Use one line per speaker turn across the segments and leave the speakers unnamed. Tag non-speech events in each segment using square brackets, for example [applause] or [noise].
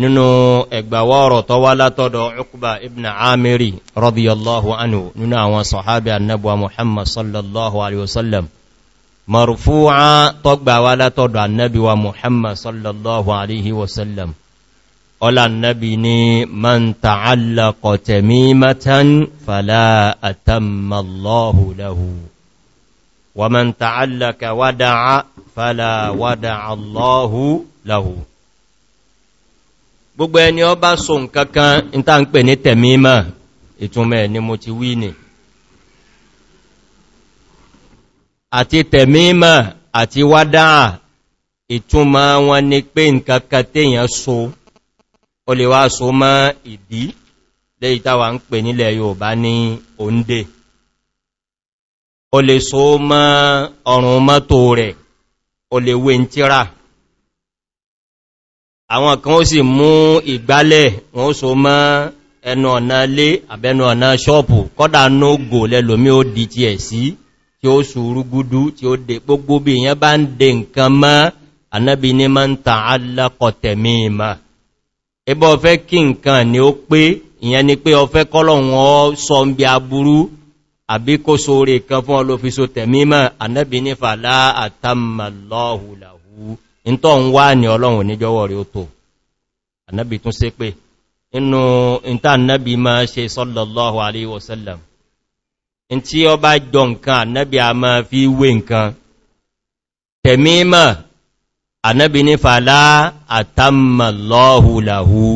nínú ẹgbàwọ́rọ̀ tó wá látọ́dọ̀ Uqba ibn Amiri radiyallahu anhu nínú àwọn sọ̀hábí annabuwa Muhammad sallallahu alaihi wasallam marfu'a tó gbà wá látọ́dọ̀ annabiwa Muhammad sallallahu alaihi wasallam ọlá annabi ni man ta'allaqa tamimatan fala atammallahu lahu wa man ta'allaka wada'a fala wada'a Allahu lahu gbogbo ẹni ọ bá so nkankan n ta ń pè ní tẹ̀mímọ̀ ìtúnmẹ̀ ni mo ti wí ni àti tẹ̀mímọ̀ àti wádá ìtúnmọ̀ wọn ni pé nkankan téèyàn so o lè wá so mọ́ ìdí léyìí táwà ń pè nílẹ̀ Yorùbá ní òǹdè o lè so mọ́ ọrùn mọ́tò rẹ̀ o lè wé ń tíra àwọn kan ó sì mú ìgbálẹ̀ wọn ó so mọ́ ẹnu ọ̀nà lé àbẹnu ọ̀nà ṣọ́ọ̀pù kọ́dà nógò lẹ́lòmí ó di ti ẹ̀ sí tí ó sùúrú gúdú tí ó dé gbogbo bí ìyẹn bá ń dé nǹkan mọ́ anábi ní ma ń ta alákọ̀tẹ̀ mímọ̀ ni ó pé ìyẹn ni pé ọ̀fẹ́ kọ́lọ̀wọ́n ọ sọ ń bí aburú àbí kó sóre kan in tó ń wá ní ọlọ́run níjọwọ́ rí ó tó annabi tún sé pé inú ìta annabi ma ṣe sallallahu alaihi wasallam in tí ó bá jọ nǹkan annabi a ma fi wé nǹkan tẹ̀mímọ̀ annabi ní fàlá àtàmàlọ́hù làhú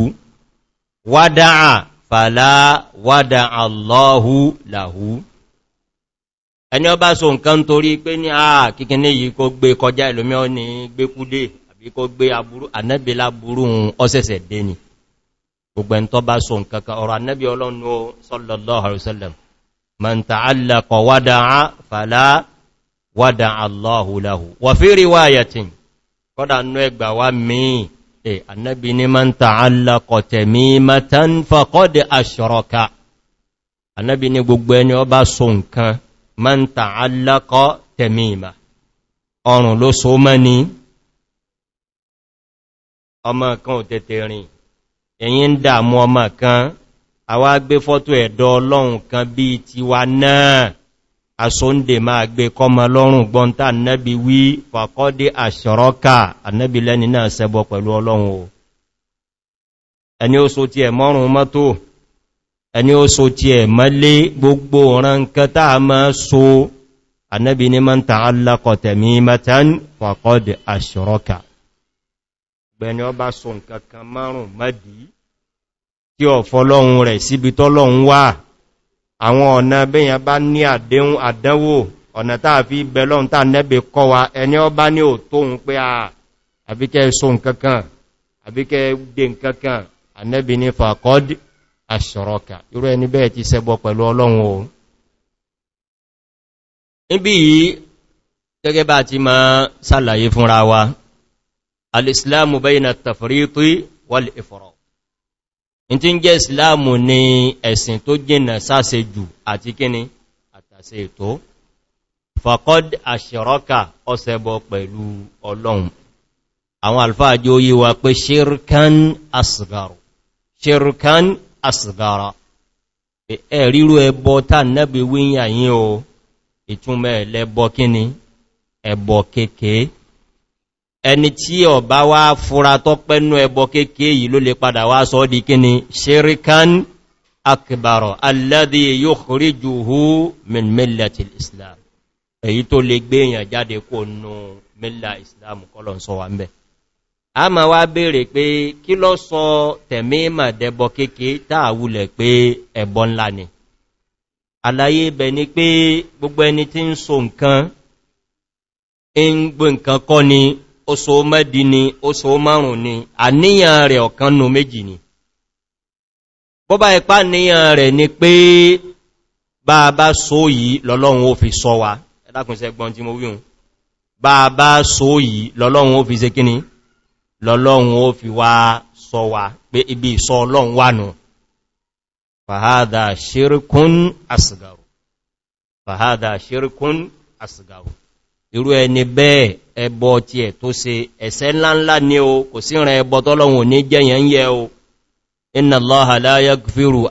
ẹni ọba so nǹkan torí pé ní àà kíkiní yìí kó gbé kọjá ìlúmí ọ ní gbé kúdé àbí kó gbé aburú ànẹ́bí láburú ọsẹsẹ̀ dé ni gbogbo ẹn tọ́ bá so nǹkan kan ọ̀rọ̀ ànẹ́bí ọlọ́nu sallallahu alaihi wasallam man ta'allaqa wada'a fala wada'a Allahu lahu wa fi riwayatin ma ń ta alákọ́ tẹ̀mìmà ọrùn ló so mọ́ ní ọmọ kan ò tètè rìn èyí ń dàmú ọmọ kan a wá gbé fọ́tò ẹ̀dọ́ ọlọ́run kan bí ti wa náà asóndè máa gbé kọmọ lọ́rùn gbọ́ntà nẹ́bi wí fàkọ́dé àṣọ́rọ́kà ànẹ́bi lẹ́ni náà sẹ́bọ̀ pẹ̀lú ọlọ́run ẹni ó so ti ẹ̀mọ́rùn mọ́tò ẹni ó so ti ẹ̀ mọ́lé gbogbo ọ̀ràn nǹkan táà mọ́ so annabi ni ma ń ta alákọ̀tẹ̀ mi mẹ́tàn fàkọ́dì aṣọ́rọ́kà gbẹni ọba so nǹkan kan márùn mẹ́dí tí ọ̀fọ́lọ́run rẹ̀ síbi tọ́lọ́run wà àwọn ọ̀nà bẹ́yàn bá ní àdéhùn ọ̀nà táà fi aṣọ̀rọ̀kà irú ẹni bẹ́ẹ̀ ti ṣẹbọ pẹ̀lú ọlọ́run o níbi yìí gẹ́gẹ́ bá ti ma sàlàyé fúnra wa al'islamu bayna tafriti wal ifrat in ti ń jẹ́ islamu ni ẹ̀sìn tó jìnà sáse jù àti kíni àtàsẹ ètò faqad aṣọ̀rọ̀kà ọsẹbọ pẹ̀lú ọlọ́run àwọn alfáàjò yíwa pé shirkan asgaru shirkan asghara ẹ̀ríru e, e ẹbọ tà nẹ́bí wíyà yín o ìtúnmẹ́ lẹ́bọ kíni ẹbọ kéèké ẹni tí ọba wá fúra tọ́ pẹ́nú ẹbọ kéèké yìí ló lè padà wá sọ di kíni shirikan akbaro alladhi yukhrijuhu min millati islam èyí tó lè gbé èyàn jáde kó nù milla islam kọlọ̀ sọ wà mẹ́ a ma wá bèèrè pé kí lọ sọ tẹ̀mí mà kéèké táàwulẹ̀ pé ẹbọ ńlá ni àlàyé bẹ̀ ni pé gbogbo ẹni tí ń so nǹkan ń gbò nǹkan kọ́ ni ó so mẹ́dí ni ó so márùn ni àníyàn rẹ̀ ọ̀kan nù méjì ni bọ́bá ipá níyàn rẹ̀ ni pé bá a bá so yìí lọ́lọ́run ó fi sọ wa ẹ̀dàkùnsẹ́gbọ́n tí mo wíhun bá a bá so yìí lọ́lọ́run ó fi wá sọ wà pé ibi ìsọ ọlọ́run wà nù fàhádà ṣírkún asìgàrò fàhádà ṣírkún asìgàrò irú ẹni bẹ́ẹ̀ ẹbọ ti ẹ̀ tó se ẹ̀sẹ̀ ńláńlá ní o kò sí rẹ̀ ẹbọ tọ́lọ́run ní jẹ́yàn yẹ o inna allaha la yagfiru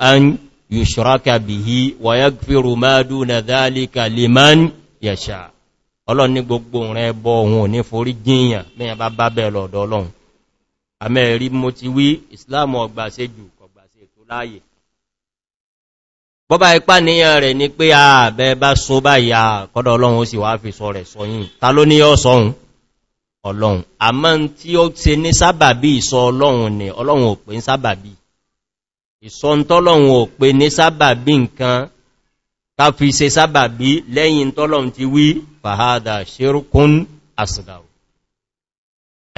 gbogbo rẹ̀ ẹbọ òun ò ní forí jíyàn mẹ́yàn bá bá bẹ́ẹ̀ lọ́dọ̀ ọlọ́run àmẹ́rí mo ti wí islam ọgbà ṣe jù kọgbà ṣe tó láàyè bọ́bá ipá níyàn rẹ̀ ní pé ààbẹ́ bá só bá ìyà kọ́dọ̀ ọlọ́run ó sì wá fi sọ rẹ̀ sọyìn ta ló ní ọ́sọ̀hun ọlọ́run àmọ́ tí ó ti ní sábàbí ìsọ ni ọlọ́run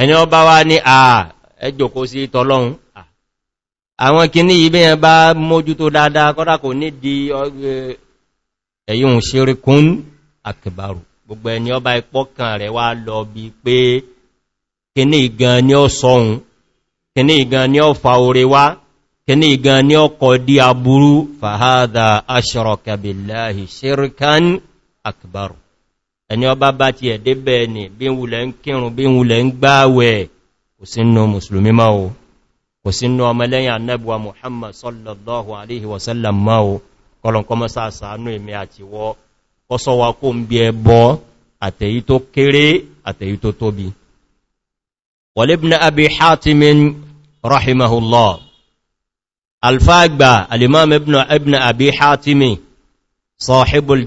ẹni ọba wá ní àà ẹjọ́kó sí tọ́lọ́run àwọn kìíní ibé yẹn bá mójú tó dáadáa kọ́dá kò ní di ẹ̀yìn ṣerékún àkìbàrù gbogbo ẹni ọba ipọ́kàn rẹ̀ wá lọ bí pé kìíní ìgan ni ó sọun kìíní ìgan ni ó fa orí wá kìíní ìgan ni ó kọ kò sínú musulmi máa o kò sínú ọmọlẹ́yìn annabuwa muhammad sallallahu alaihi wasallam máa o kọlọ̀nkọ́ mọ́sá sàánú ìmẹ́ àti wọ́ kọ́sọ́wà kó ń bí ẹbọ́ àtẹ̀yí tó kéré àtẹ̀yí tó tóbi wọlébìnà abi hatimin rahimahullah alfagba alimam ibn abi hatimin sahibul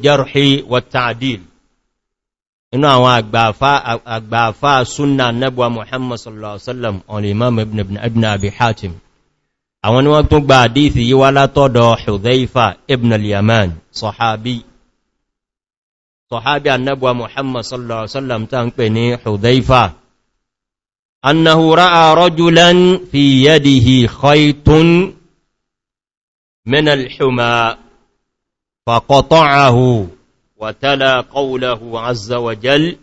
inú àwọn àgbàfà súnnà nẹ́bùwa muhammad sallallahu alaihi wasallam on imam ibn ibn abi hatim àwọn ni wọ́n tún gba àdíthì yíwá látọ́dọ̀ hudhaifa ibn al-yaman sahabi sahabi annabuwa muhammad sallallahu alaihi wasallam ta ń pè ní hudhaifa annahu ra'a rajulan fi yadihi khaytun min al-huma faqata'ahu وتلا قوله عز وجل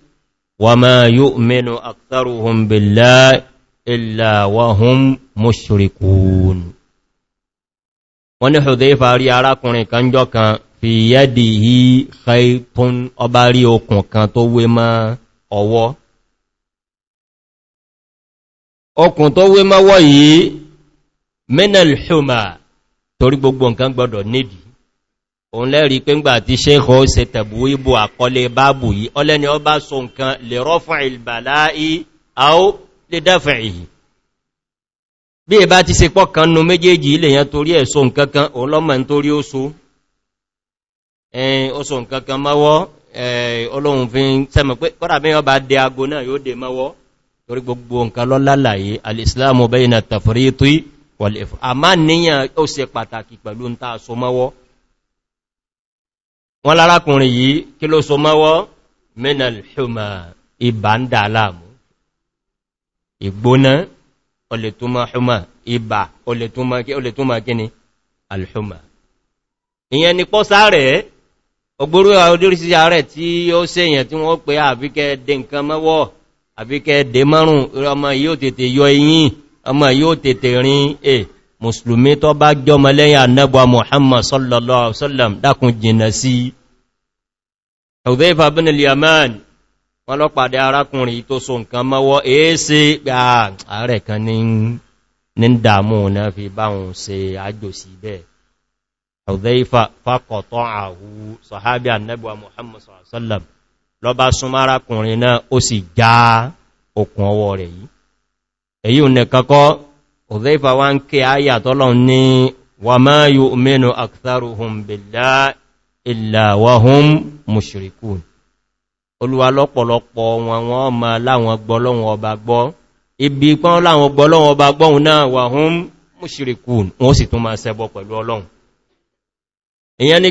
وما يؤمن أكثرهم بالله إلا وهم مشركون ونحذيف rí arákùnrin kan jọ kan fi yadihi khaytun ọba rí okùn kan tó wé mọ́ ọwọ́ okùn tó wé mọ́wọ́ yìí minal huma torí gbogbo nǹkan gbọdọ̀ nídìí òun lẹ́rí pé ń gbà tí ṣéhọ́ ṣe tẹ̀bù ìbò àkọlé báàbù yìí ọlẹ́ni ọ bá so nǹkan lè rọ́fún ìbàláì àó lè dáfẹ̀ èyí bí i bá ti se pọ́ kan nú méjèèjì ilẹ̀ yẹn torí ẹ̀ so nǹkan kan òun lọ́mọ̀ ń torí ó so ó so nǹkan kan mọ́wọ́ ọlọ́run fi ń sẹ́mọ̀ pé kọ́dà bí wọ́n bá dé ago náà yóò dé mọ́wọ́ torí gbogbo wọ́n lárákùnrin yìí kí ló so mọ́wọ́ minal huma ibà ń dà láàmú ìgbóná olètúnmọ̀ huma ibà olètúnmọ̀ kíni alhuma ìyẹn ni pọ́ sáré ogbóró odírísí ààrẹ tí ó se èyàn tí wọ́n pè àbíkẹ́ dé nǹkan mọ́wọ́ àbíkẹ́ dé márùn-ún ọmọ yóò tètè yọ eyín ọmọ yóò tètè rin eh musulmi tó bá jọmọ lẹ́yìn annabuwa muhammad sallallahu alaihi wasallam dákun jìnà sí ọ̀dẹ́fà bin al-yaman wọ́n lọ pàdé arákùnrin tó so nǹkan mọ́wọ́ èése ààrẹ kan ní dàmú náà fi báhùn se àjò sí bẹ́ẹ̀ ọ̀dẹ́fà fàkọ̀tọ́ àhú sọ̀hábí annabuwa muhammad sallallahu alaihi wasallam lọ bá súnmọ́ òzèfà wá ń ké ayà tọ́lọ̀ ní wà máa yu'minu aktharuhum billahi illa wahum mushrikun olúwa lọ́pọ̀lọpọ̀ wọn wọ́n ma láwọn gbọ́lọ́wọ́n ọba gbọ́ ibi pọ́n láwọn gbọ́lọ́wọ́n ọba gbọ́hun náà wahum mushrikun wọ́n sì tún ma ṣẹbọ pẹ̀lú ọlọ́run ìyẹn ni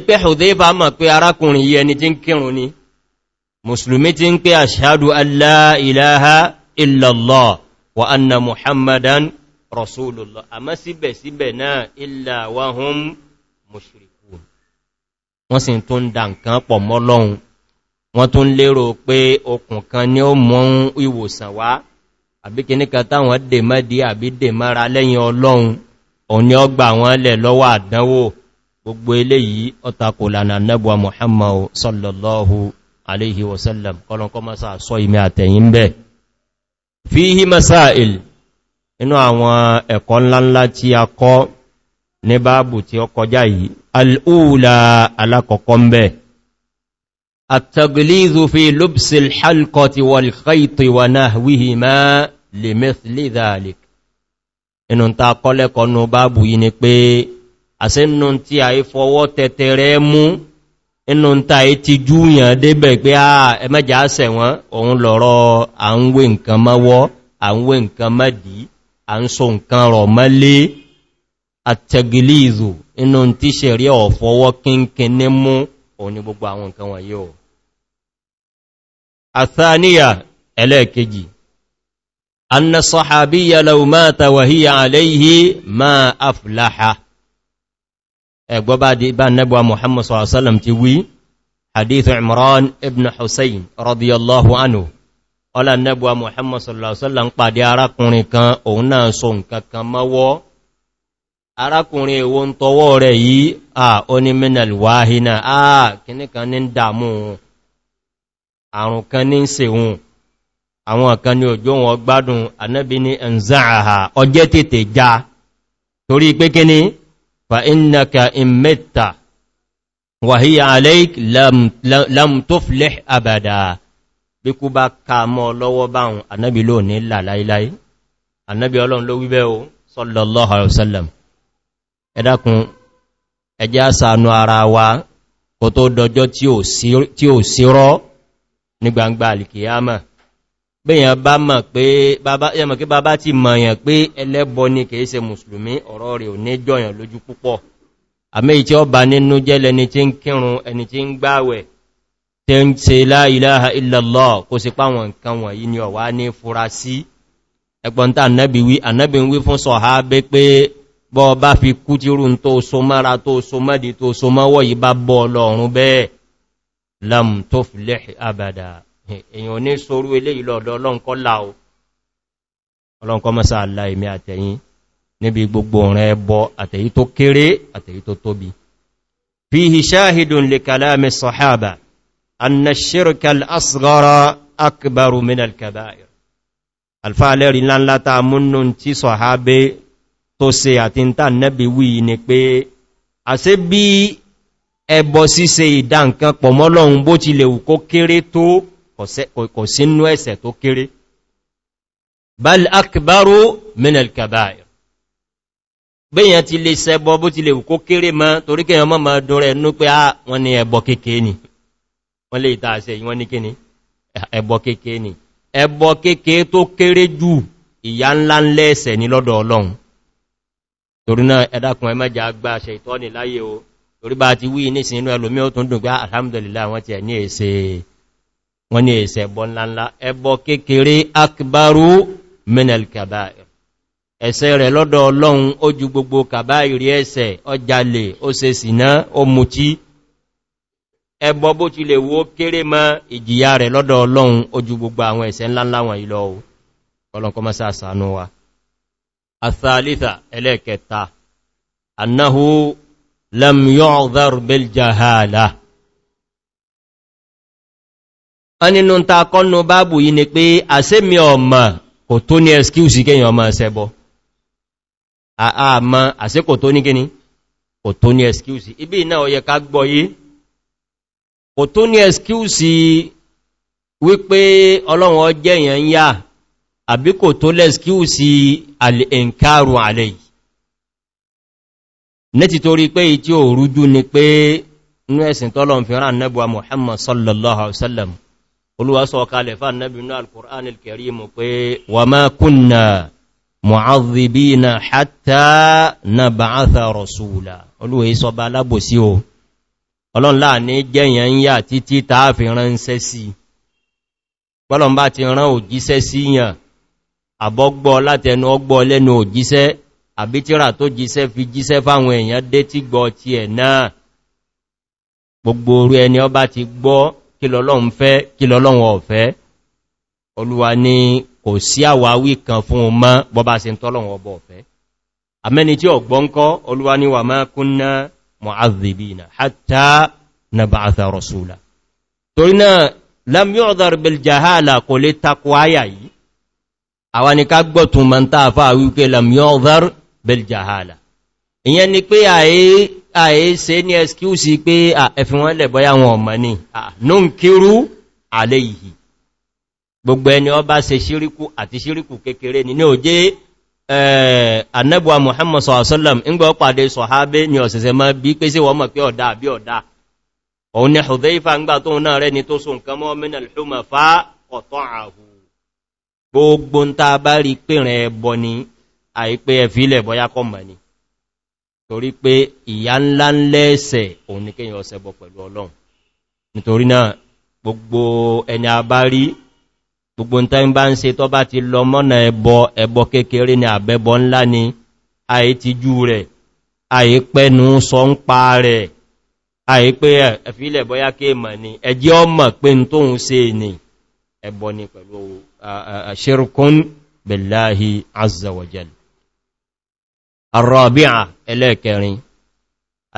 rasulullah àmọ́ síbẹ̀síbẹ̀ náà illa wahum mushrikun wọ́n sì tún dá nǹkan pọ̀ mọ́lọ́hun wọ́n tún lérò pé okùn kan ní ó mọ́ ìwòsàn wá àbí kìníkà táwọn dè mẹ́dí àbí dè mara lẹ́yìn ọlọ́run òní ọgbà wọn lẹ̀ lọ́wọ́ àdánwò gbogbo eléyìí ọtakò lànà nẹ́bùwa muhammadu sallallahu alaihi wasallam kọlọ̀kọ́ masá sọ ìmẹ́ àtẹ̀yìn bẹ́ẹ̀ fíhí masáìlì inú àwọn ẹ̀kọ́ ńláńlá tí a kọ́ ní báàbù tí ó kọjá yìí al'ula alákọ̀ọ́kọ́ ń bẹ̀ àtàgbìlìzù fi lóbsìl halkọtí wal khaiti wa náhwíhì má lè mẹ́sìlì zàlìk inú ta kọ́lẹ́kọ́ nú báàbù yìí ni pé àsínú tí a yí fọwọ́ tẹ́tẹ́rẹ mú inú ta yí ti júyàn débẹ̀ a ẹmẹ́jà sẹ̀wọ̀n òun lọ̀rọ̀ a ń so nǹkan rọ̀ mọ́lé àtẹ̀gìlìzù inú tí ṣe rí ọ̀fọwọ́ kínkín ní mú òun ní gbogbo àwọn nǹkan wọ̀nyí o àtàníyà ẹlẹ́ẹ̀kejì anna sahabiyya law mata wa hiya ma aflaha ẹgbọ́ bá nẹ́gbà muhammad sallallahu ti wí hadith imran ibn hussein radiyallahu anhu ọlá nẹ́bùwa Muhammad sallallahu alaihi wasallam ń pàdé arákùnrin kan òun náà so nǹkan kan mọ́wọ́ arákùnrin èwo ń tọwọ́ rẹ̀ yìí à oní minal wahina à kìní kan ní dàmú àrùn kan ní sèhun àwọn kan ní òjò wọn gbádùn anábi ní ẹnzáàhà ọjẹ́ tètè já torí pé kíní fa innaka immita wa hiya alayk lam tuflih abada bíkú bá ka mọ́ lọ́wọ́ báhùn annabi ló ní làláìláì annabi ọlọ́run ló wíbẹ́ o sallallahu alaihi wasallam ẹ dákun ẹ jẹ́ á ṣàánú ara wa kò tó dọjọ́ tí ò sí rọ́ ní gbangba alìkìyàmà bẹ́yàn bá mọ̀ pé bàbá ti mọ̀yàn pé ẹlẹ́bọ ni kìí ṣe mùsùlùmí ọ̀rọ̀ rẹ̀ ò ní jọyàn lójú púpọ̀ àmì tí ó bá nínú jẹ́lẹni tí ń kírun ẹni tí ń gbáwẹ̀ tẹ ń ṣe la ilaha illallah kò sí páwọn nǹkan wọ̀nyí ni ọ̀wá ní fura sí ẹgbọ́ntà annabi wí annabi wí fún sọ̀hábé pé bọ́ bá fi kú tí rú tó so mara tó so mọ́dí tó so mọ́wọ́ yìí bá bọ́ ọlọ́run bẹ́ẹ̀ lam tuflih abada èyàn ní sorú ilé ìlọ́dọ̀ ọlọ́nkọ́ láò ọlọ́nkọ́ mọ́sá àlá èmì àtẹ̀yìn níbi gbogbo rẹ̀ bọ àtẹ̀yí tó kéré àtẹ̀yí tó tóbi fihi shahidun li kalami sahaba أن الشرك الأصغر أكبر من الكبائر. kabair alfa'alẹ́rin lánlá ta múnnú tí sọ̀hábé tó se àti ń tàn nẹ́bí wí ni pé a sí bí ẹbọ síse ìdá nǹkan pọ̀mọ́lọ́un bó ti lè wù kó kéré tó kò sínú ẹ̀sẹ̀ tó kéré bal akbaru min kabair gbéyàn ti lè sẹ́bọ bó ti lè wù kó kéré mọ́ toríkẹ́ ọmọ mọ́ dúnrẹ̀ nú pé á wọn ni ẹbọ kéèkéé ni wọ́n lè ìta àṣẹ ìwọ́n ní kíni ẹbọ kéèké ni ẹbọ kéèké tó kéré jù ìyá ńlá ńlẹ́ẹ̀sẹ̀ ní lọ́dọ̀ ọlọ́run torí náà ẹ̀dàkùn ẹmẹ́jà gbá àṣẹ ìtọ́ni láyé o torí bá ti wí ní ìsinú ẹlòmí ó tún dùn pé ah, alhamdulillah wọ́n ti ẹ̀ ní akbaru minel kabair ẹ̀ṣẹ̀ rẹ̀ lọ́dọ̀ ọlọ́run ó ju gbogbo kabair ẹ̀ṣẹ̀ ọjalè ẹbọ bó ti lè wó kéré mọ́ ìjìyà rẹ̀ lọ́dọ̀ ọlọ́run ojú gbogbo àwọn ẹ̀ṣẹ̀ ńláńláwọn wọn ìlọ ohun ọlọ́nkọ́ annahu jahala ta kọ́nù báàbù yìí ni pé àṣẹ́mi ọmọ kò tó ní ọmọ àmọ́ tó ní kíní kò tó ní ibi ká gbọ́ yìí kò tó ní ẹ̀skíùsì wípé ọlọ́run ọjẹ́ èèyàn yá àbí kò tó lẹ́skíùsì al'inkaru alẹ́ nẹ́ti torí pé ìtí ò rújú ni pé inú ẹ̀sìn tọ́lọ̀n fi rán nẹ́bùwa Muhammad sallallahu alaihi wasallam olúwa sọ kalẹ̀ fà nẹ́bì inú ọlọ́nlá ní jẹ́yàn ń yà títí tàà fi ránṣẹ́ sí pọ́lọ̀n bá ti rán òjíṣẹ́ sí yàn àbọ́gbọ́ látẹnu ọgbọ́ lẹ́nu òjíṣẹ́ àbítíra tó jíṣẹ́ fi jíṣẹ́ fáwọn èèyàn dé tí gbọ́ ti ẹ̀ náà gbogbo orí ẹni ọba ti gbọ́ kílọ́lọ́un fẹ́ kílọ́lọ́un ọ̀fẹ́ olúwa ni kò sí àwáwí kan mu'adhibina hatta nab'atha rasula torí náà lam yu'dhar bil jahala kò lè takò áyà yìí àwọn ni ká gbọ́tún ma ń tààfà wípé lam yu'dhar bil jahala ìyẹn ni pé àyè ṣe ní ẹskíùsì pé ẹ̀fin wọn lẹ̀ bọ́yá wọn ọmọ ní nunkiru alayhi gbogbo ẹni ó bá ṣe ṣíríkù àti ṣíríkù kékeré ni ní òjé annabuwa eh, muhammad sallam in gbọ́ pàdé sọ̀hábé ni ọ̀sẹ̀sẹ̀ ma bí pé sí wọ́n mọ̀ pé ọ̀dá ọ̀dá òun ni hudhaifa ń gbà tó náà rẹ ni tó so nǹkan mọ́ mínà lùmọ̀ ọ̀tọ́ gbogbo gbogbo ta ń bá ń ṣe tó bá ti lọ mọ́nà ẹbọ ẹbọ kékeré ni àbẹ́bọ ńlá ni àyí ti jú rẹ̀ àyí pẹ́nu sọ ń pa rẹ̀ àyí pé ẹ̀fílẹ̀ bọ́yá kí èmọ̀ ni ẹjẹ́ ọmọ pé ń tóhun ṣe ni ẹbọ ni pẹ̀lú الرابعة ẹlẹ́kẹrin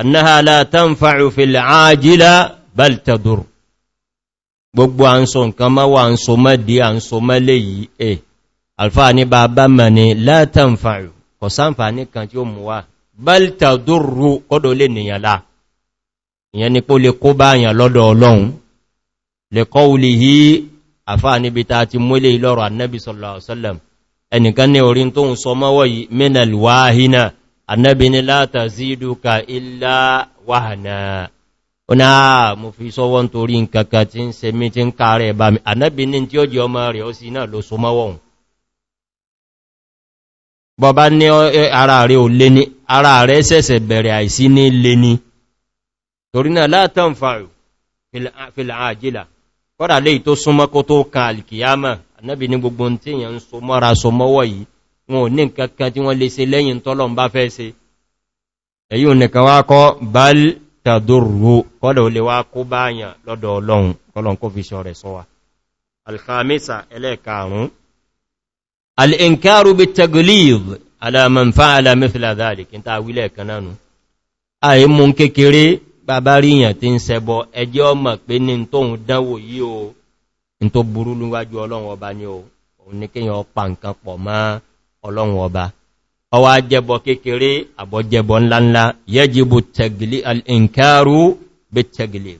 أنها لا تنفع في العاجلة بل تضر gbogbo à ń so nǹkan mọ́ wà ń so mọ́dí à ń so mọ́lé yìí ẹ̀ alfa ní bá bá mọ̀ ní látàǹfààrù kọ̀ sáǹfààní kan tí ó mú wá bálta dúró kọ́dọ̀ lè nìyàn lá ìyẹn ni pó lè kó bá àyàn lọ́dọ̀ ọlọ́run lè kọ́ wahana ona ah, mo fi so won tori nkan kan tin se mi ba mi anabi ti o je omo re o si na lo so mo won baba ni ara re o le ni sese bere aisi ni leni. Torina tori na la tanfa'u fil fil ajila ora le ito sumo ko to kan al kiyama anabi gbogbo ntin yan so mo ra yi won o ni nkan kan ti won le se leyin tolorun ba fe tàdúrú kọ́dọ̀ olè wá kó báyàn lọ́dọ̀ ọlọ́run kọ́lọ̀n kó fi ṣọ́ rẹ̀ sọ́wà alkhamisa ẹlẹ́ẹ̀kàrún al'inkaru bi taglib alamanfa alamifila zalik n ta wílẹ̀ kanánu a yi mú kékeré bàbá ríyàn ti ń sẹbọ ẹjẹ́ ọmọ pé ní tóhun dánwò yí o tó burú níwájú ọlọ́run ọba ni o ní kíyàn ọpa nǹkan pọ̀ mọ́ ọlọ́run ọba ọwá jẹbọ kékeré àbọ̀jẹbọ ńláńlá yẹjibu tẹ̀gìlì al'inkaru bí tẹ̀gìlì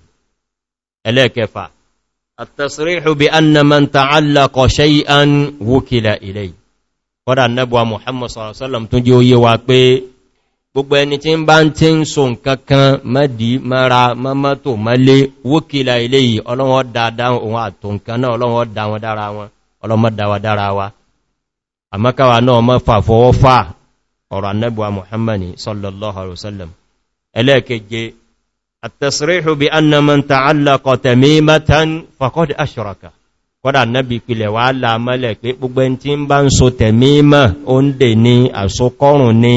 ẹlẹ́kẹfà àtàsíríhù bí annaman ta'allakọ̀ ṣe'an wukila ilẹ̀ kọ́dà nẹ́bùwa muhammad sallallahu tún jí oye wa pé gbogbo ẹni tí ń bá ń tí ń so náà mọ́ fà ọ̀rọ̀ annabuwa muhammadi sallallahu alaihi wasallam ẹlẹ́ẹ̀keje àtẹ̀síríhù bí annaman ta'allaka tamimatan faqad ashraka kọ́dà annabi pilẹ̀ wà láàmọ́lẹ̀ pé gbogbo tí ń bá ń so tẹ̀mímà ó ń dè ní àsokọrùn ní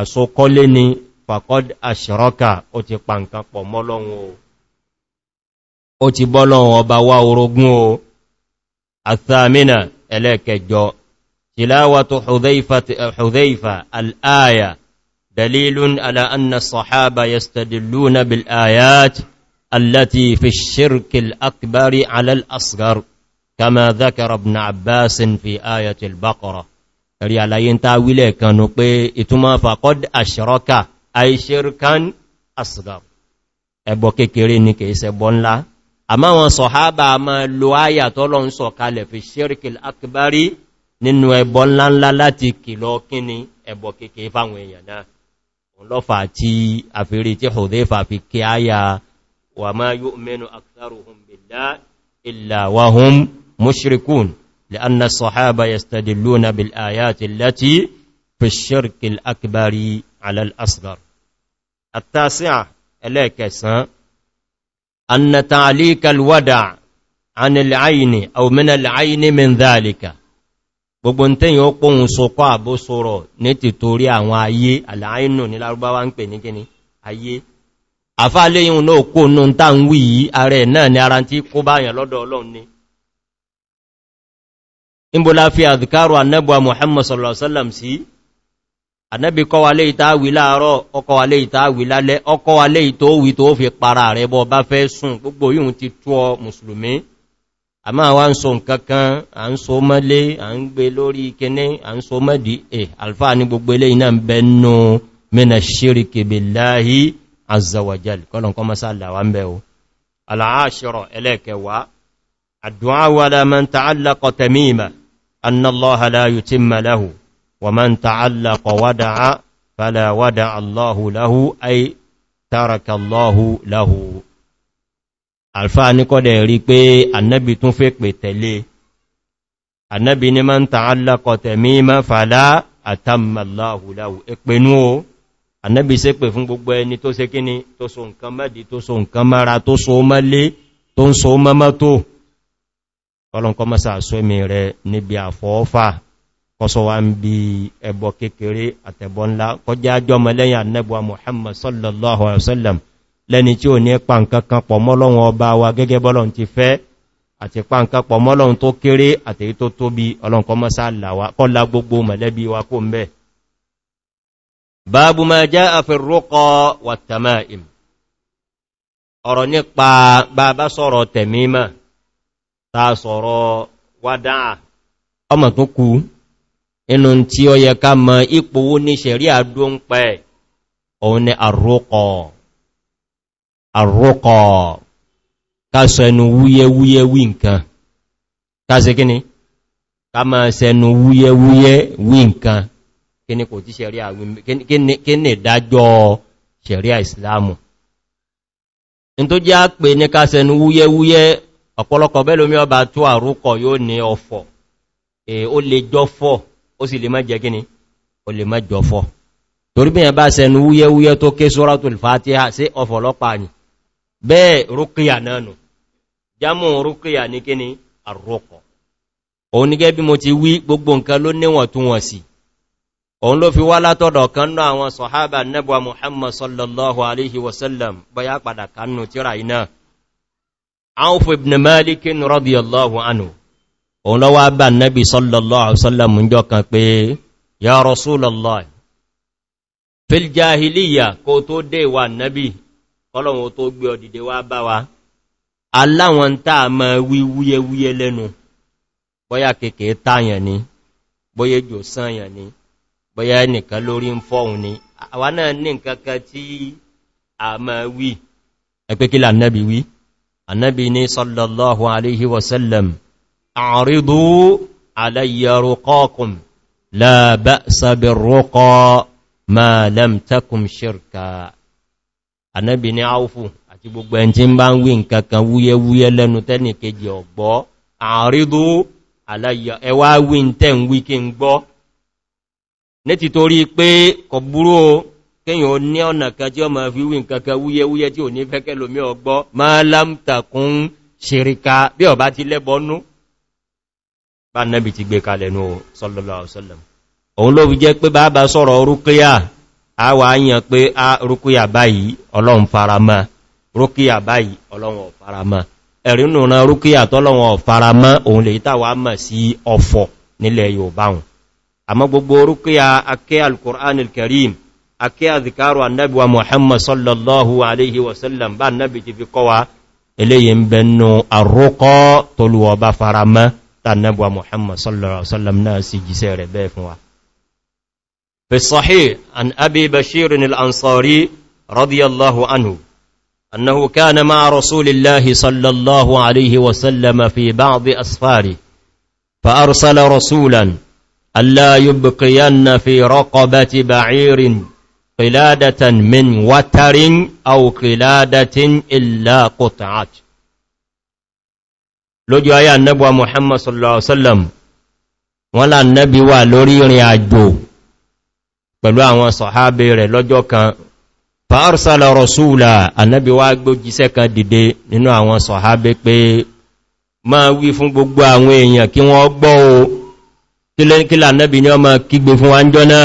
àsokọlé ní faqad ashraka ó ti pa nǹkan pọ̀ mọ́lọ́run تلاوة حذيفة حذيفة الآية دليل على أن الصحابة يستدلون بالآيات التي في الشرك الأكبر على الأصغر كما ذكر ابن عباس في آية البقرة يعني على ينتاوله كانوا إتما فقد أشرك أي شركا أصغر ebo kekere ni ke ise bo nla ama won sahaba ma lo aya to lo nso kale fi shirkil akbari nínú ẹbọ ńláńlá láti kìlọ kíni ẹbọ kéèké fáwọn èèyàn náà òun lọ́fà tí àfírí tí Hudhayfa fi kí áyà wa ma yu'minu aktharuhum billahi illa wa hum mushrikun li'anna as-sahaba yastadilluna bil ayati allati fi shirk al-akbari 'ala al-asghar at-tasi'a ẹlẹ́kẹsàn anna ta'lika al-wada' 'an al-'ayni aw min al-'ayni min dhalika gbogbo tẹ́yìn ó pòhun sọkọ́ àbó sọ̀rọ̀ ní ti torí àwọn ayé àlàáìnù ní lárúbáwá ń pè ní kíni ayé àfáàléyìn náà kó nù tá ń wí yìí ààrẹ náà ni ara tí kó báyàn lọ́dọ̀ ọlọ́run ni muhammad sallallahu alaihi wasallam sí anẹ́bì kọwàlé ìtàwì láàárọ̀ ọkọwàlé ìtàwì lálẹ́ ọkọwàlé ìtòwì tó fi para rẹ̀ bọ́ bá a máa wá ń so nǹkankan a ń so mọ́lé a ń gbé lórí kíní a ń so mọ́dí e eh, alfa ní gbogbo ilé iná ń bẹ nù mẹ́nà ṣíríkì billahi azza wa jal kọ́lọ̀kọ́ masá àlàwà ń bẹ o aláàṣírọ̀ ẹlẹ́kẹwàá addu'a wala alfa ní kọ́dẹ̀ rí pé annabi tún fẹ́ pè tẹ̀lé annabi ni ma ń tààlákọ̀ tẹ̀mí ma fàlá àtàmàláhùláhù ẹpẹnú o annabi ṣe pè fún gbogbo ẹni tó ṣe kíni tó so nǹkan mẹ́dì tó so nǹkan mara tó so mẹ́lé tó ń so mẹ́mọ́ tó ọlọ́nkọ́ mọ́sá àṣọ́mì rẹ̀ lẹ́ni tí ò ní pa nǹkan kan pọ̀ mọ́lọ́run ọba wa gẹ́gẹ́ bọ́lọ́run ti fẹ́ àti pa nǹkan pọ̀ mọ́lọ́run tó kéré àtèyí tó tóbi ọlọ́run kọ́ mọ́sá làwá kọ́lá gbogbo mọ̀lẹ́bí wa kó ń bẹ́ báàbù ma já ni àrúkọ̀ọ́ àrọ́kọ̀ kásọ ẹnu wúyẹ́wúyẹ́ wí nǹkan kásẹ kíni ká ma sẹnu wúyẹ́wúyẹ́ wí nǹkan kíni kò tí sẹ̀ríà kíni dájọ́ sẹ̀ríà ìsìláàmù in tó jẹ́ pé ní kásẹnu wúyẹ́wúyẹ́ ọ̀pọ̀lọpọ̀ bẹ́lómi ọba tó àrúkọ̀ yóò ní ọfọ̀ ó lè jọfọ́ ó sì lè má jẹ kíni ó lè má jọfọ́ torí ni bẹ́ẹ̀ rúkìyà náà nù jámù rúkìyà ní kí ni àrọ́pọ̀ òun ní gẹ́ bí mo ti wí gbogbo nǹkan ló níwọ̀n tún wọ̀n sí òun ló fi wá látọ̀dọ̀ kan náà àwọn sọ̀hábà nẹ́bà muhammad sallallahu alaihi wasallam bọ́yá padà kanú tíra iná auf ibn malik radiyallahu anhu òun lọ wá bá nẹ́bì sallallahu fil jahiliya kó tó dé wa nẹ́bì kọ́lọ̀wọ̀n tó gbé ọdìdẹ wá bá wa aláwọn táà mọ̀ wí wúyẹwúyẹ lẹ́nu bọ́yá kèkèé táyàn ni bọ́yá jò sáyàn ni bọ́yá ẹnìkan lórí ń fọ́hun ni àwa náà ní nǹkankan tí a mọ̀ wí ẹgbẹ́kílà annabi wí annabi ní sallallahu alaihi wasallam àrídú aláyẹrùkọ́kùn la ba'sa ma lam takum shirka ànábì ní áúfù àti gbogbo ẹn tí ń bá ń wí nkankan wúyẹ́wúyẹ́ lẹ́nu tẹ́nì kejì ọ̀gbọ́ àrídó aláyà ẹwà wí ń tẹ́ ń wí kí ń gbọ́ ní ti torí pé kọ búrò kíyàn ó ní ọ̀nà kan tí ó sallallahu alaihi wasallam òun ló fi jẹ́ a wà yàn pé a rúkúyà báyìí ọlọ́run farama rúkúyà báyìí ọlọ́run ọ̀farama ẹ̀rínú ran rúkúyà tọ́lọ́run ọ̀farama òun lè tàwà mọ̀ sí ọ̀fọ̀ nílẹ̀ Yorùbá hùn àmọ́ gbogbo rúkúyà wa Muhammad sallallahu alaihi wasallam bá annabi ti fi kọwa eléyìí ń ta annabi wa Muhammad sallallahu alaihi wasallam náà sì في الصحيح عن أبي بشير الأنصاري رضي الله عنه أنه كان مع رسول الله صلى الله عليه وسلم في بعض أسفاره فأرسل رسولا ألا يبقين في رقبة بعير قلادة من وتر أو قلادة إلا قطعت lójú ayá النبي محمد صلى الله عليه وسلم ولا النبي ولوري lórí pẹ̀lú àwọn sọ̀hábé rẹ̀ lọ́jọ́ kan fa'arsala rasúlà annabi wá gbójíṣẹ́ kan dìde nínú àwọn sọ̀hábé pé ma wí fún gbogbo àwọn èèyàn kí wọ́n gbọ́ o kílẹ̀kílẹ̀ annabi ni ọmọ kígbe fún wájọ́ náà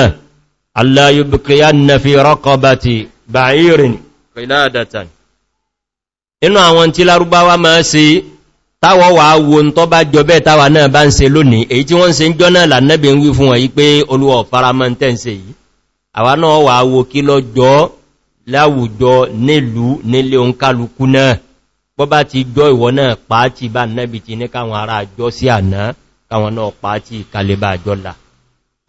aláyóbìkìyànnà fi rọ́kọbàtì ba'irin qilādatan inú àwọn tí lárúbáwá máa ṣe táwọ̀ wà wo ń tọ́ bá jọ bẹ́ẹ̀ táwà náà bá ń ṣe lónìí èyí tí wọ́n ń ń jọ náà lànẹ́bẹ̀ ń wí fún wọ̀nyí pé olúwọ̀ faramọ́ ń ṣe yìí àwa náà wà wo kí lọ́jọ́ láwùjọ nílùú nílé oúnkálukú náà bọ́ bá ti jọ ìwọ náà pàátì bá nẹ́bì ti ní káwọn ará àjọ sí àná káwọn náà pàátì kalẹ̀ bá àjọ́là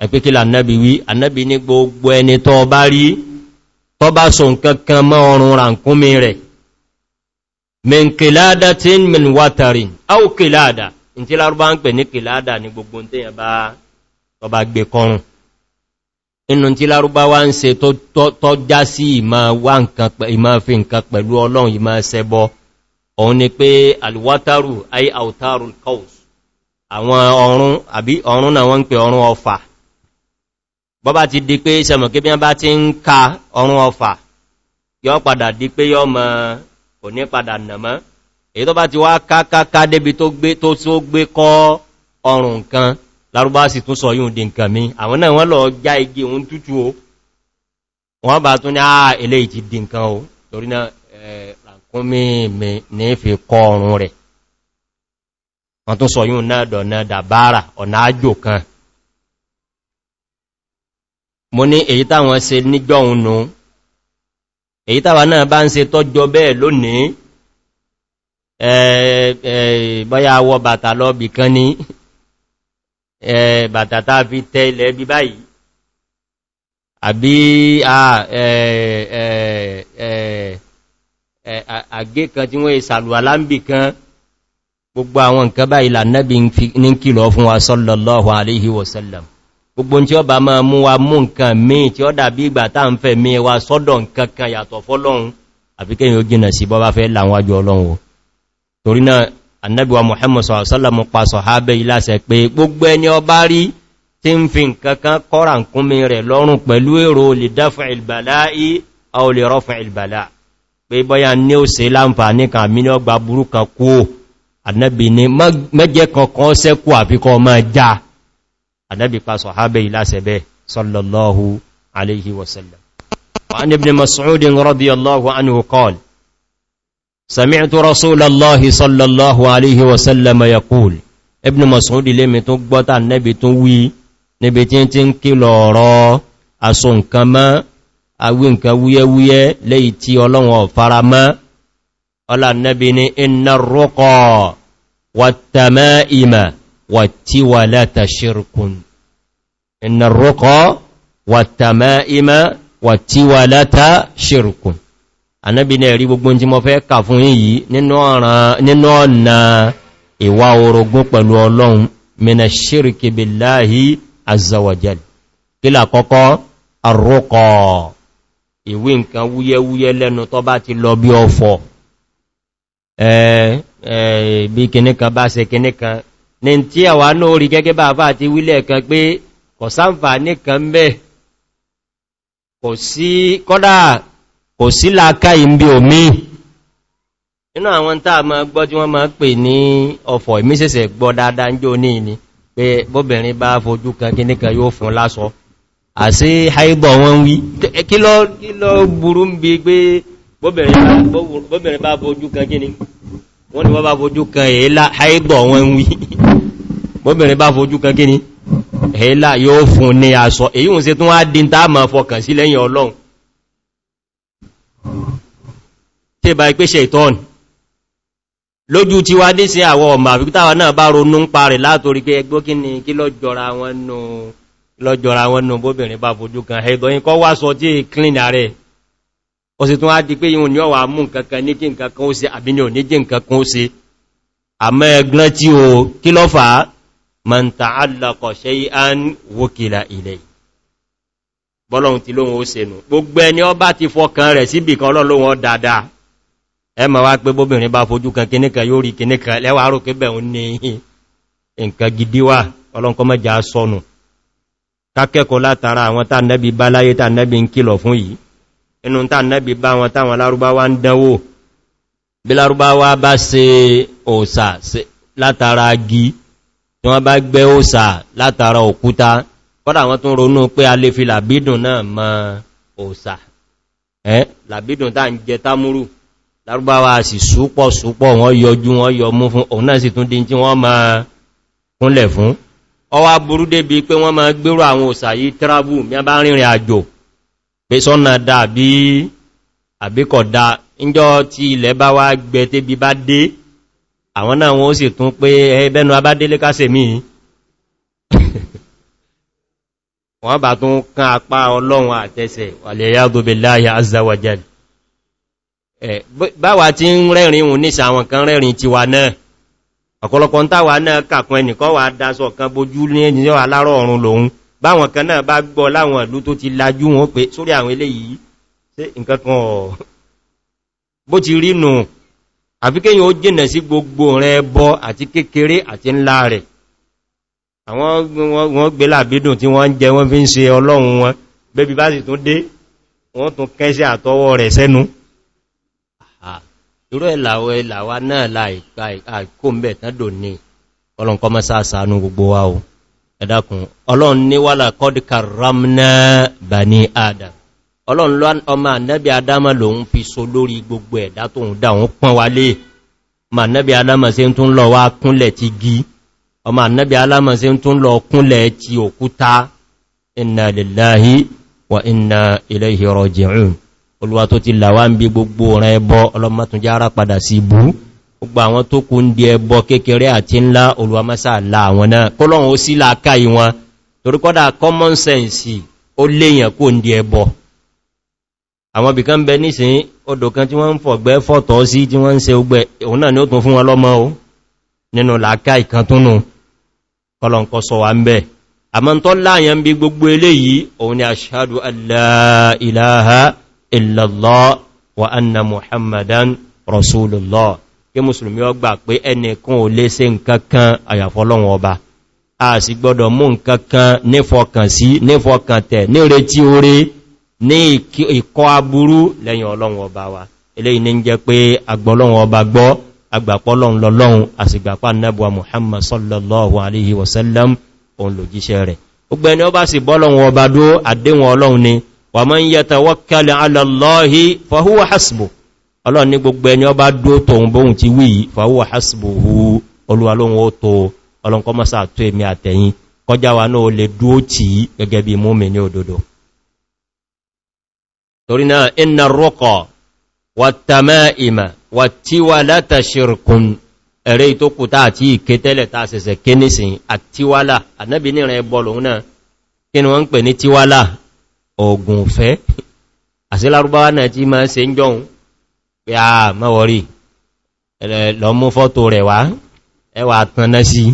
ẹ̀pẹ́kílà nẹ́bì wí ànẹ́bì ní gbogbo ẹni tọ́ bá rí tọ́ bá so nǹkan kan inú tí lárúbáwá ń ṣe tó já sí ìmá fi nǹkan pẹ̀lú ọlọ́run ìmá ṣẹbọ òun ni pé alwataru ay autarul kaus àwọn ọrún àbí ọrún na wọ́n ń pè ọrún ọfà bọ́bá ti di pé sẹmọ̀ kí bí wọ́n bá ti ń ka ọrún ọfà yọ padà di pé yọ mọ̀ kò ní padà nàmọ́ èyí tó bá ti wá kákáká débi tó gbé kọ́ ọrùn kan lárúbá sì tún sọ yíò dé nǹkan mi àwọn náà wọ́n lọ já igi òun tútù o wọ́n bá tún ní àà ilé ìtì dé nǹkan o torí náà ràkún mẹ́mẹ́ ní fi kọ ọrùn rẹ̀ wọ́n tún sọ yíò náà dọ̀nà dàbára ọ̀nà àjò kan mo ní èyí táwọn ṣe níjọ́un nù èyí táwa náà bá ń ṣe tọ́jọ bẹ́ẹ̀ lónìí bọ́yá wọ bàtà lọ́bì kan ní bàtàtà fi tẹ ilẹ̀ bí báyìí àbí àgé kan tí wọ́n ìsàlù alámbì kan gbogbo àwọn nǹkan báyìí lànẹ́bí ní kìlọ̀ fún wa sallallahu alaihi wasallam gbogbo tí ó bá máa mú wa mú nǹkan míì tí ó dàbí ìgbà tá ń fẹ́ mí wa sọ́dọ̀ nǹkan kan yàtọ̀ fọ́lọ́run àfikẹ́yìn ó jìnà sí bọ́bá fẹ́ làwọn àjọ ọlọ́run torí náà annabiwa muhammad sallallahu pa sọ̀hábẹ̀ iláṣẹ pé gbogbo ẹni ọba rí tí ń fi nkankan kọ́ra nkúnmi rẹ̀ lọ́rùn pẹ̀lú èrò lè dáfà ìlbàlá ì a ò lè rọ́fà ìlbàlá pé bọ́yá ní ó se láǹfààní kan mí ní ọgbà burú kan kú annabi ni mẹ́jẹ́ kankan sẹ́kù àfikọ́ ma já annabi pa sọ̀hábẹ̀ iláṣẹ bẹ́ sallallahu alaihi wasallam wa an mas'udin radiyallahu anhu qala سمعت رسول الله صلى الله عليه وسلم يقول ابن مسعود ilé mi tó gbọ́ta nẹ́bi tó wí níbi tí tí ń kí lọ ọ̀rọ̀ aṣọ nǹkan mọ́ awí nǹkan wúyẹ́wúyẹ́ léyìí tí ọlọ́wọ̀n ọ̀fara mọ́ ọlá nẹ́bi ní iná rọ́kọ̀ wàtàmẹ́ ìmẹ̀ wàtíwà látà ṣírkùn iná rọ́kọ̀ wàtàmẹ́ ìmẹ̀ wàtíwà látà ṣírkùn ànábì ní ẹ̀rí gbogbo tí mo fẹ́ kà fún yìí nínú ọ̀nà ìwà orogún pẹ̀lú ọlọ́run mina ṣíríkì billahi azawajal kílà kọ́kọ́ arúkọ ìwé nǹkan wúyẹ́wúyẹ́ lẹ́nu tó bá ti lọ bí ọfọ̀ bí kìníkan bá ṣe kìníkan ní tí àwà kò sí kọ́dá kò sí láàká ìbí omi nínú àwọn tàà ma gbọ́ tí wọ́n ma pè ní ọ̀fọ̀ ìmísẹ̀sẹ̀ gbọ́ dáadáa jò ní ìní pé bóbìnrin bá fojú kan kí níkan yóò fún lásọ àṣí haibọ̀ wọ́n wí kí lọ burú ń bí pé bóbìnrin bá fojú kan kí ní wọ́n ni wọ́n bá fojú kan èélá haibọ̀ wọ́n wí bóbìnrin bá fojú ma fọkàn sí bá ipé ṣe ìtọ́ọ̀nì lójú ti wá dé sí àwọn ọmọ àfikútàwà náà bá ronú ń parẹ̀ látorí pé ẹgbó kí ni kí lọ́jọra wọn nù bóbìnrin bá fojú kan ẹ̀dọ̀ yìí kọ́ wá sọ tí clean ààrẹ ó sì tún á di pé ìhun ni ó wà mú nkankan ní kí nkankan ó se àbí ní òní jí nkankan ó se àmọ́ ẹgbọ́n tí lóhun ó se gbogbo ẹni ọ bá ti fọkàn rẹ̀ síbìkan ọlọ́lọ́wọ́ dáadáa ẹ ma wá pé bóbìnrin bá fojú kan kíníkan yóò rí kíníkan lẹ́wà rò pé bẹ̀rún ní nǹkan gidi wà ọlọ́nkọ́ mẹ́jà sọnù kákẹ́kọ̀ọ́ látara àwọn tá nẹ́bí bá láyé tá nẹ́bí ń kìlọ̀ fún yìí inú tá nẹ́bí bá wọn táwọn lárúbáwá ń dánwò bí lárúbáwá bá se òsà látara gi tí wọ́n bá gbẹ́ òsà látara òkúta kọ́dà wọ́n tún ronú pé a lè fi làbídùn náà mọ òsà ẹ́ làbídùn tá ń jẹ támúrù lárúbáwá sì súpọ̀ súpọ̀ wọ́n yọjú wọ́n yọ mú fún òun náà sì tún dín tí wọ́n ma kúnlẹ̀ fún ọwá burú débi pé wọ́n ma gbérò àwọn òsàyí tírábù mẹ́ bá rìnrìn àjò pé sọ́nà dàbí àbíkọ̀dá ìjọ tí ilẹ̀ bá wá gbẹ tébi bá dé àwọn náà wọ́n sì tún pé ẹbẹ́nu abádélé kásẹ̀ mí [laughs] wọ́n bá tún kán apá ọlọ́run àtẹsẹ̀ wàlẹ̀yàdóbẹ̀ láyé azawajal Eh, báwa tí ń rẹ́rin ìhun níṣà àwọn kan rẹ́rin ti wà náà ọ̀pọ̀lọpọ̀ ń táwà náà kàkún ẹnìkan wà dáṣọ kan bójú ní ẹniyàn alárọ̀ ọ̀run lòun báwọn kan náà bá gbọ́ láwọn ìlú tó ti lajú wọn pé sórí àwọn eléyìí wọ́n tún dé wọ́n àtọwọ́ rẹ̀ sẹ́nu irú ẹ̀làwọ̀ ẹ̀làwà náà láìpa àkóǹbẹ̀ tán dò ní ọlọ́nkọ́ mọ́sáàsánú gbogbo wa o ẹ̀dàkùn ọlọ́run ní wà lákọ́díkà ramna bani adam ọlọ́run ọmọ ànẹ́bí adama lòun fi so lórí gbogbo ẹ̀dá tó ń dáun pọ́n wálé ọmọ ànẹ́bí adama se ń tún lọ wá kúnlẹ̀ ti gi ọmọ ànẹ́bí adama se ń tún lọ kúnlẹ̀ ti òkúta inna lillahi wa inna ilayhi raji'un olúwa tó ti làwá ń bí gbogbo ọ̀ràn ẹbọ ọlọ́mọ́túnjára padà sí ibú gbogbo àwọn tó kú ń di ẹbọ kékeré àti ńlá olúwa mọ́sá àlà náà kọ́lọ́run ó sí láàká ìwọn toríkọ́dá common sense ó léyàn kó ń di ẹbọ àwọn bìkan bẹ nísìn odò kan tí wọ́n ń fọ̀gbẹ́ fọ́tọ̀ sí tí wọ́n ń se ogbẹ́ òun náà ni ó tún fún wọn lọ́mọ́ o nínú làákà ìkantúnnù kọlọ̀nkọ́ sọ wa ń bẹ́ àmọ́ láàyàn bí gbogbo eléyìí òun ni aṣáàdù aláìláha illallah wa anna muhammadan rasulullah kí musulmi ó gbà pé ẹnìkan ò lè ṣe nǹkankan àyàfọ́lọ́wọ́ ọba a sì gbọ́dọ̀ mú nǹkankan nífọkàn sí nífọkàn tẹ̀ ní retí orí ní ìkọ́ aburú lẹ́yìn ọlọ́run ọba wa eléyìí ní jẹ́ pé agbọ́lọ́run ọba gbọ́ agbàpọ́lọ́run lọ́lọ́run àsìgbàpá nẹ́bùwa muhammad sallallahu alaihi wasallam òun lòjíṣẹ́ rẹ̀ ó gbẹ́ni ọba sì bọ́lọ́run ọba dúó àdéhùn ọlọ́run ni wà mọ́ ń yẹta wọ́kẹ́lẹ̀ alàlọ́hí fàhúwà hasbò ọlọ́run ní gbogbo ẹni ọba dó tóun bóhun ti wí fàhúwà hasbò hu olúwa lóhun ó tó ọlọ́nkọ́ mọ́sá tó èmì àtẹ̀yìn kọjá wa náà lè dúó tí gẹ́gẹ́ bí múmi ní òdòdó torí náà iná rọ́kọ̀ kí ni wọ́n ń pè ní tíwálà ọ̀gùn òfẹ́ àti lárúbáwá náà tí máa ṣe ń jọun pé a mọ́wọ̀rí lọ mú fọ́tò rẹ̀ wá ẹwà tanná sí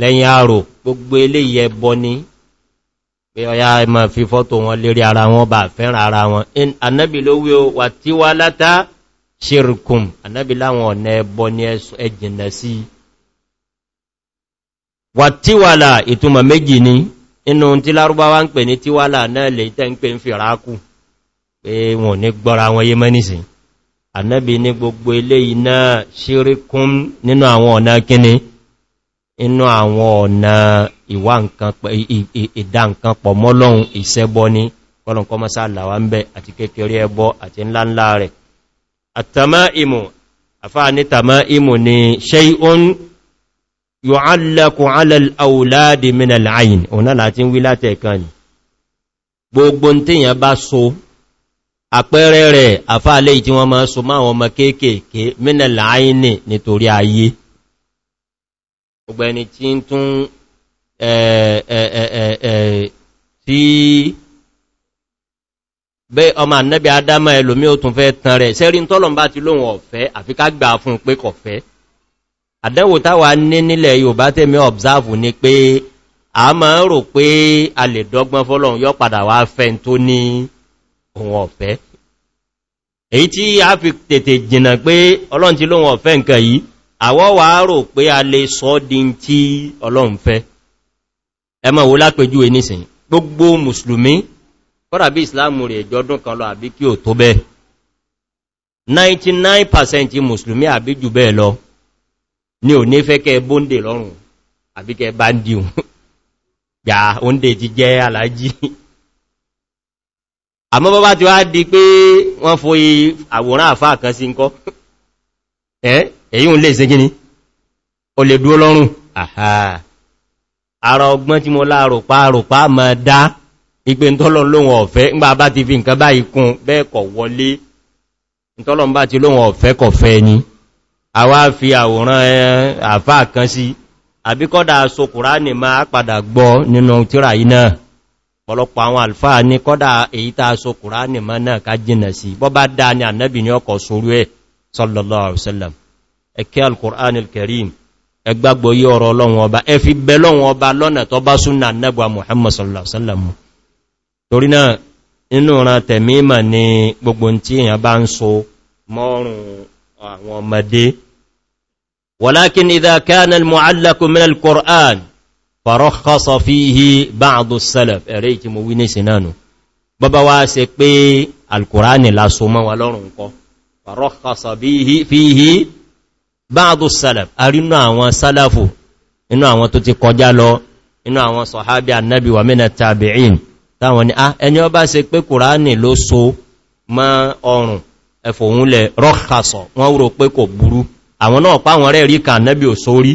lẹ́yìn àrò gbogbo eléyìí ẹbọ ni pé ọya ẹmọ fi fọ́tò wọn lérí ara wọn bá fẹ́ràn ara wọn anábì ló wí o wà tí wá látá ṣirkùn anábì láwọn ọ̀nà ẹbọ ni ẹjìnà sí wà tí wà là ìtumọ̀ méjì ni inú tí lárúbáwá ń pè ní tíwálà náà lè tẹ́ ń pè ń fi rákù pé wọn ní gbọ́ra wọn yé mẹ́nìsìn ànábì ní gbogbo ilé iná ṣíríkún nínú àwọn ọ̀nà kíni inú àwọn ọ̀nà ìwà nǹkan ìdá nǹkan pọ̀ mọ́lọ́un ìṣẹ́bọ ní kọ́lọ̀kọ́ mọ́sá àlàwà ń bẹ àti kékeré yu'allaqu 'ala al-awladi min al-'ayn ọ̀nà láti ń wí láti ẹ̀kan ni gbogbo tíyàn bá so àpẹẹrẹ rẹ̀ àfáàlẹ́ tí wọ́n máa so máa wọn ma kéèkèé min al-'ayn ayé gbogbo tí ń tún tí bẹ́ ọmọ annabi adama ẹlòmí ó tún fẹ́ tán rẹ̀ sẹ́rin tọ́lọ̀mbá ti lóhun ọ̀fẹ́ àfikágbà fún pé àdẹ́wò táwà ní nílẹ̀ Yorùbá tẹ́mi observe ni pé a ma ń rò pé a lè dọ́gbọ́n fọ́lọ̀un yọ padà wá fẹ́ tó ní ohun ọ̀fẹ́ èyí tí a fi tètè jìnà pé Ọlọ́run ti lóhun ọ̀fẹ́ nǹkan yìí àwọ́ wà rò pé a lè sọ di àbí jù bẹ́ẹ̀ lọ ní ò ní fẹ́ kẹ bóndè lọ́rùn àbí kẹ bá ń dìun [laughs] yà oúnjẹ ti jẹ́ alájí àmọ́ bọ́bá ti wá di pé wọ́n fò yí àwòrán àfá kan sí ńkọ́ [laughs] èyí ń lè ṣe gíní o lè dúó lọ́rùn ara ọgbọ́n tí mo láàrùpá àrùpá mọ̀ dá ipé ntọ́lọ́n lóhun ọ̀fẹ́ ńgbà bá ti fi nǹkan báyìí kún bẹ́ẹ̀ kọ̀ wọlé ntọ́lọ́n bá ti lóhun ọ̀fẹ́ kọ̀fẹ́ ni. Mm -hmm àwa fi àwòrán àfáà kan sí àbí kọ́dà so Kùránì máa padà gbọ́ nínú tíra iná pọ̀lọpọ̀ àwọn àlfáà ní kọ́dà èyí tàà so Kùránì máa náà ká jìnà sí bọ́ bá dáa ní ànábì ní ọkọ̀ sorú ẹ̀ sallallahu alaihi wasallam quran al-Karim ẹ gbàgbọ́ yí ọ̀rọ̀ Ọlọ́run Ọba ẹ fi bẹ Muhammad sallallahu alaihi wasallam torí náà inú ran tẹ̀mímà ni gbogbo tí èèyàn àwọn ọmọdé ولكن إذا كان المعلق من القرآن فرخص فيه بعض السلف ẹ̀rẹ́kì mo wí ní sinanu bọ́bá wá ṣe pé alkùránì lásọ mọ́ wa lọ́rùn kọ́ فرخص فيه بعض السلف arínú àwọn sálàfù inú àwọn tó ti kọjá lọ inú àwọn sọ̀hábí annabi wa mina tabi'in táwọn ni a ah, ẹni ó bá ṣe pé kùránì ló so mọ́ ọrùn ẹ̀fòhúnlẹ̀ rọ́kàsọ̀ wọ́n rò pé kò burú àwọn náà pa àwọn rẹ̀ rí kà nẹ́bí ò sórí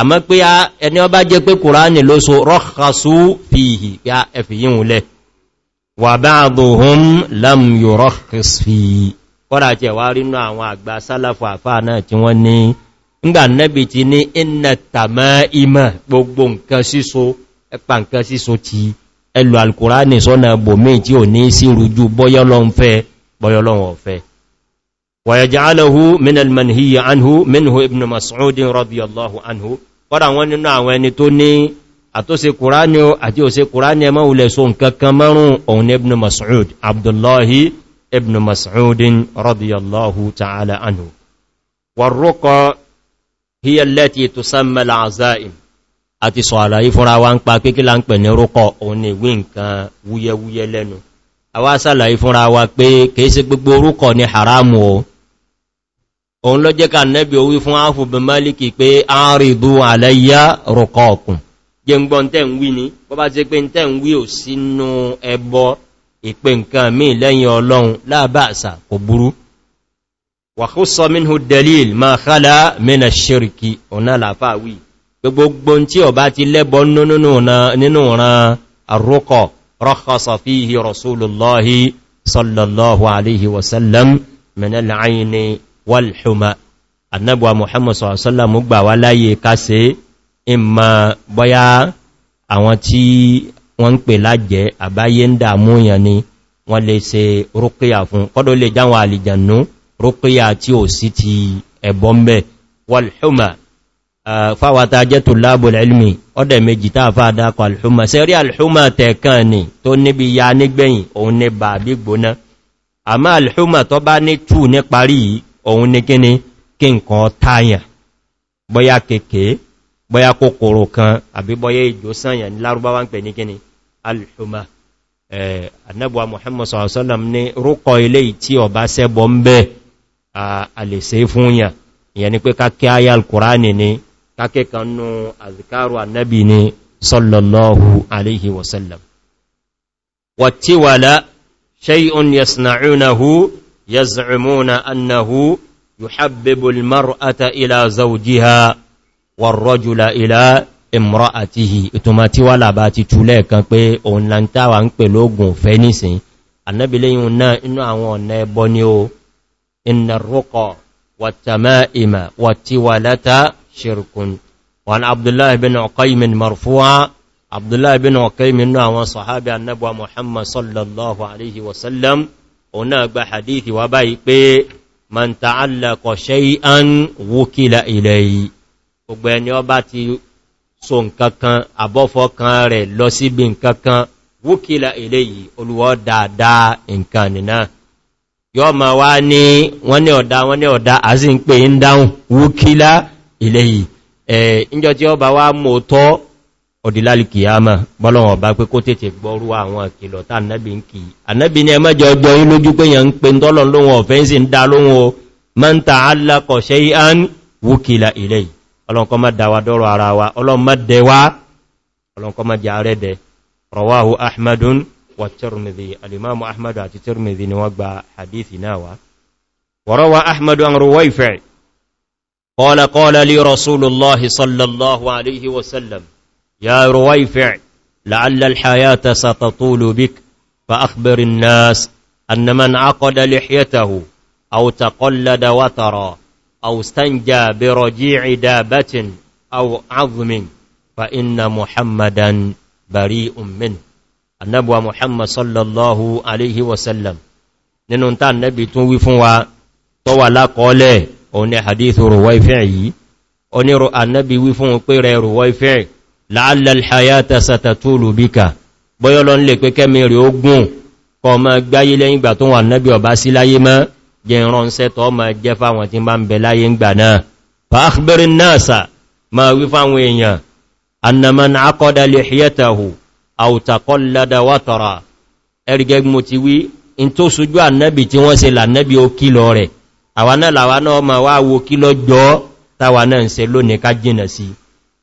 àmọ́ pé a ẹni ọba jẹ́ pé kùránì ló so rọ́kàsú fìhì ya ẹfì yíò lẹ wà bá àdùhún lam yóò rọ́kàs fi kọ́dà tí ẹ̀wà rínú àwọn àgbà sálàfà àfáà náà tí wọ́n ní ńgbà ويجعله من المنهي عنه منه ابن مسعود رضي الله عنه قرأ وننا ونتوني àtọ́sẹ kùránì àti òsẹ kùránì ẹmọ́ ulẹ̀ so nkankan márùn-ún òun ibn mas'ud abdullahi ibn mas'udin radiyallahu ta'ala anhu warruqa hiya allati tusamma al'azaim òun ló jẹ́ ká nẹ́bí owí fún áàfù bí málìkì pé àárìdú àlẹ́yà rọ̀kọ̀ ọ̀kùn jẹ́ ń gbọ́ ń tẹ́ ń wí ní bọ́ bá ti pé ń tẹ́ ń wí ò sínú ẹbọ ìpe nǹkan mí lẹ́yìn ọlọ́run láàbáàsà kò burú wàkúsọ mínú delil ma wàlhùmá annabuwa muhammad sọ̀rọ̀sọ́lá mú gbà wá láyé kásẹ̀ ìmọ̀ bọ́yá àwọn tí wọ́n ń pè lájẹ́ àbáyé ń dàmúyàn ni wọ́n lè se rúkíyà fún kọ́dọ̀ lè jáwọn àlìjànú rúkíyà tí ó sí ti ẹ̀bọ́m̀bẹ̀ wàlhùmá fáwata jẹ́ tó lábòl ilmi ọdẹ̀ méjì tàà fàádákọ̀ alhùmá òun ní kíni kí nǹkan táyàn bọ́yá kèké bọ́yá kòkòrò kan àbí bọ́yá ìjò sáyàn ní lárúbáwá ń pè ní kíni alhuma annabuwa muhammad sallam ní rúkọ ilé tí ọba sẹ́bọ ń bẹ́ àlèsè fún yà ìyẹn ni pé kákẹ́ ayá alkùránì ni kákẹ́ kan nú azikaru يزعمون أنه يحبب المرأة إلى زوجها والرجل إلى امرأته ìtùmàtí wà lábàtí túlẹ̀ kan pé òun la ń táwà ń pè lóògùn fẹ́ nìsìn annabiléyìn náà inú àwọn ọ̀nà ẹbọ ni ó iná rúkọ wàtàmá ìmà wàtí wà látà ṣirkun wọn abdullahi bin ọkaimin marfuwa abdullahi bin ọkaimin náà àwọn sahabi annabuwa muhammad sallallahu alaihi wasallam òun náà gba hadithi wa báyìí pé man ta'allaqa shay'an wukila ilayhi gbogbo ẹni ó bá ti so nkankan àbọ́fọ́ kan rẹ̀ lọ síbi nkankan wukila ilayhi olúwọ́ dáadáa nkan nìna yọ ma wá ní wọ́n ní ọ̀dá wọ́n ní ọ̀dá àzí ń pè ń dáhùn wukila ilayhi ẹ̀ ọdílálì kìyàmà bọ́lọ̀wọ̀n bá pé kó tètè gbọ́rú àwọn ìkìlọ̀ tá annabi ń kì annabi ní ẹmẹ́jọ ọjọ́ yí lójú pé yẹn ń pe ń tọ́lọ̀ lóhun ọ̀fẹ́nsì ń dá lóhun o man ta'allaqa shay'an wukila ilayhi ọlọ́nkọ́ má dáwà dọ́rọ̀ ara wa ọlọ́nkọ́ má jẹ́ arẹ́dẹ rawahu ahmadun قال قال لي رسول الله صلى الله عليه وسلم يا رويفع لعل الحياة ستطول بك فأخبر الناس أن من عقد لحيته أو تقلد وترى أو استنجى برجيع دابة أو عظم فإن محمدا بريء منه النبوة محمد صلى الله عليه وسلم nínú النبي nẹ́bì tún wí fún حديث tó wà lákọọ́lẹ̀ النبي ni hadithu ruwaifi'i onírò láàlá alhayata satatulu bíkà bọ́yọ́ lọ lè pé kẹ́mì rẹ̀ ogun kọ ma gbáyé lẹ́yìn ìgbà tó wà náàbí ọba sí láyé mọ́ jẹ ìrànṣẹ́ tọ́ ma jẹ́ fáwọn tí bá ń bẹ láyé ìgbà náà fàákbẹ̀rin náàsà ma wí fáwọn èèyàn annaman akọ́dá lè hiyatahu àwùtakọ́lada wátọ̀rà ẹ̀rìgẹ́ mo ti wí in tó sojú se lànàbí ó kílọ rẹ̀ àwọn náà làwọn náà ma wá wo kílọ jọ táwọn náà ń se lónìí ká jìnà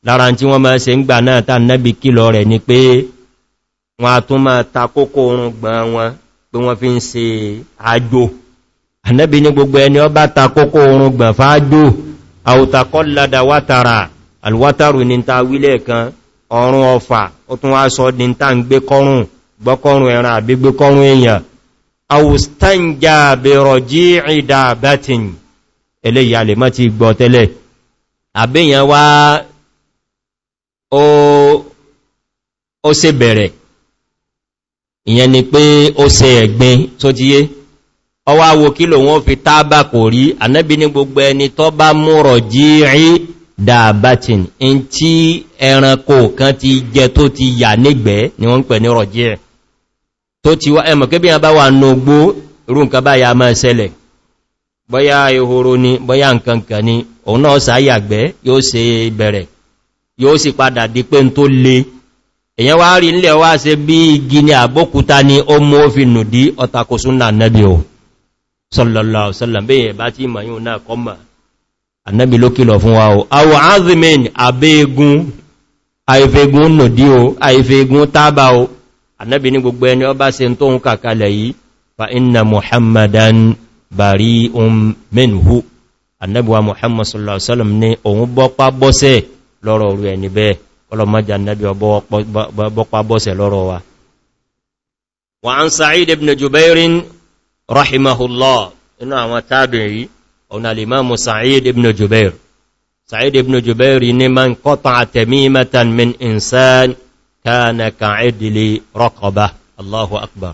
lára tí wọ́n máa ṣe ń gbà náà tàà nẹ́bí kílọ rẹ̀ ni pé wọ́n a tún máa ta kókó oòrùn gbọ́n wọn pé wọ́n fi ń ṣe àjò ànẹ́bí ní gbogbo ẹni ọ bá ta kókó oòrùn gbọ̀n fáájò àwòtakọ́lada wátara alwátaru ní ta wílẹ̀ kan ọrún ọfà ó tún wá sọ ní ta ń gbé kọrùn àbíyàn wá ó se bẹ̀rẹ̀ ìyẹn ni pé ó se ẹ̀gbin tó jíyé ọwá wo kí lò wọ́n fi tábà kò rí ànẹ́bí ní gbogbo ẹni tọba bá múrọ̀ jí rí dàbátin in tí ẹranko kan ti jẹ tó ti yà nígbẹ́ ni wọ́n ń pẹ̀ ní rọ̀jí ẹ̀ tó ti wá ẹmọ̀ kébí àbá wà nù gbó nǹkan bá ya máa ṣẹlẹ̀ bọ́yá ehoro ni bọ́yá nǹkan kan ni òun náà sáyàgbẹ́ yóò se bẹ̀rẹ̀ yóò sì padà di pé tó le èyàn wá rí nílẹ̀ wá ṣe bí igi ni àbókúta ni ó mú ó fi nù dí ọ̀tàkò nẹ́bí o sallallahu sallam bẹ́yẹ̀ bá tí ìmọ̀ yíò náà kọmà annabi ló kìlọ̀ fún wa o awọ azimin abẹ́gun àìfẹ́gun nù dí o àìfẹ́gun tábà o annabi ní gbogbo ẹni ọba ṣe tó ń kàkalẹ̀ yìí fa inna muhammadan bari um minhu annabi wa muhammad sallallahu sallam ne òun bọ́pá bọ́sẹ̀ lọ́rọ̀ orú ẹni bẹ́ẹ̀ ọlọ́mọ́jà nẹ́bí ọbọ́pá bọ́sẹ̀ lọ́rọ̀ wa wa an sa'id ibn jubairin rahimahullah inú àwọn tabi'i ọ̀nà alimamu sa'id ibn jubair sa'id ibn jubair ni man qata'a tamimatan min insan kana ka'idli raqaba allahu akbar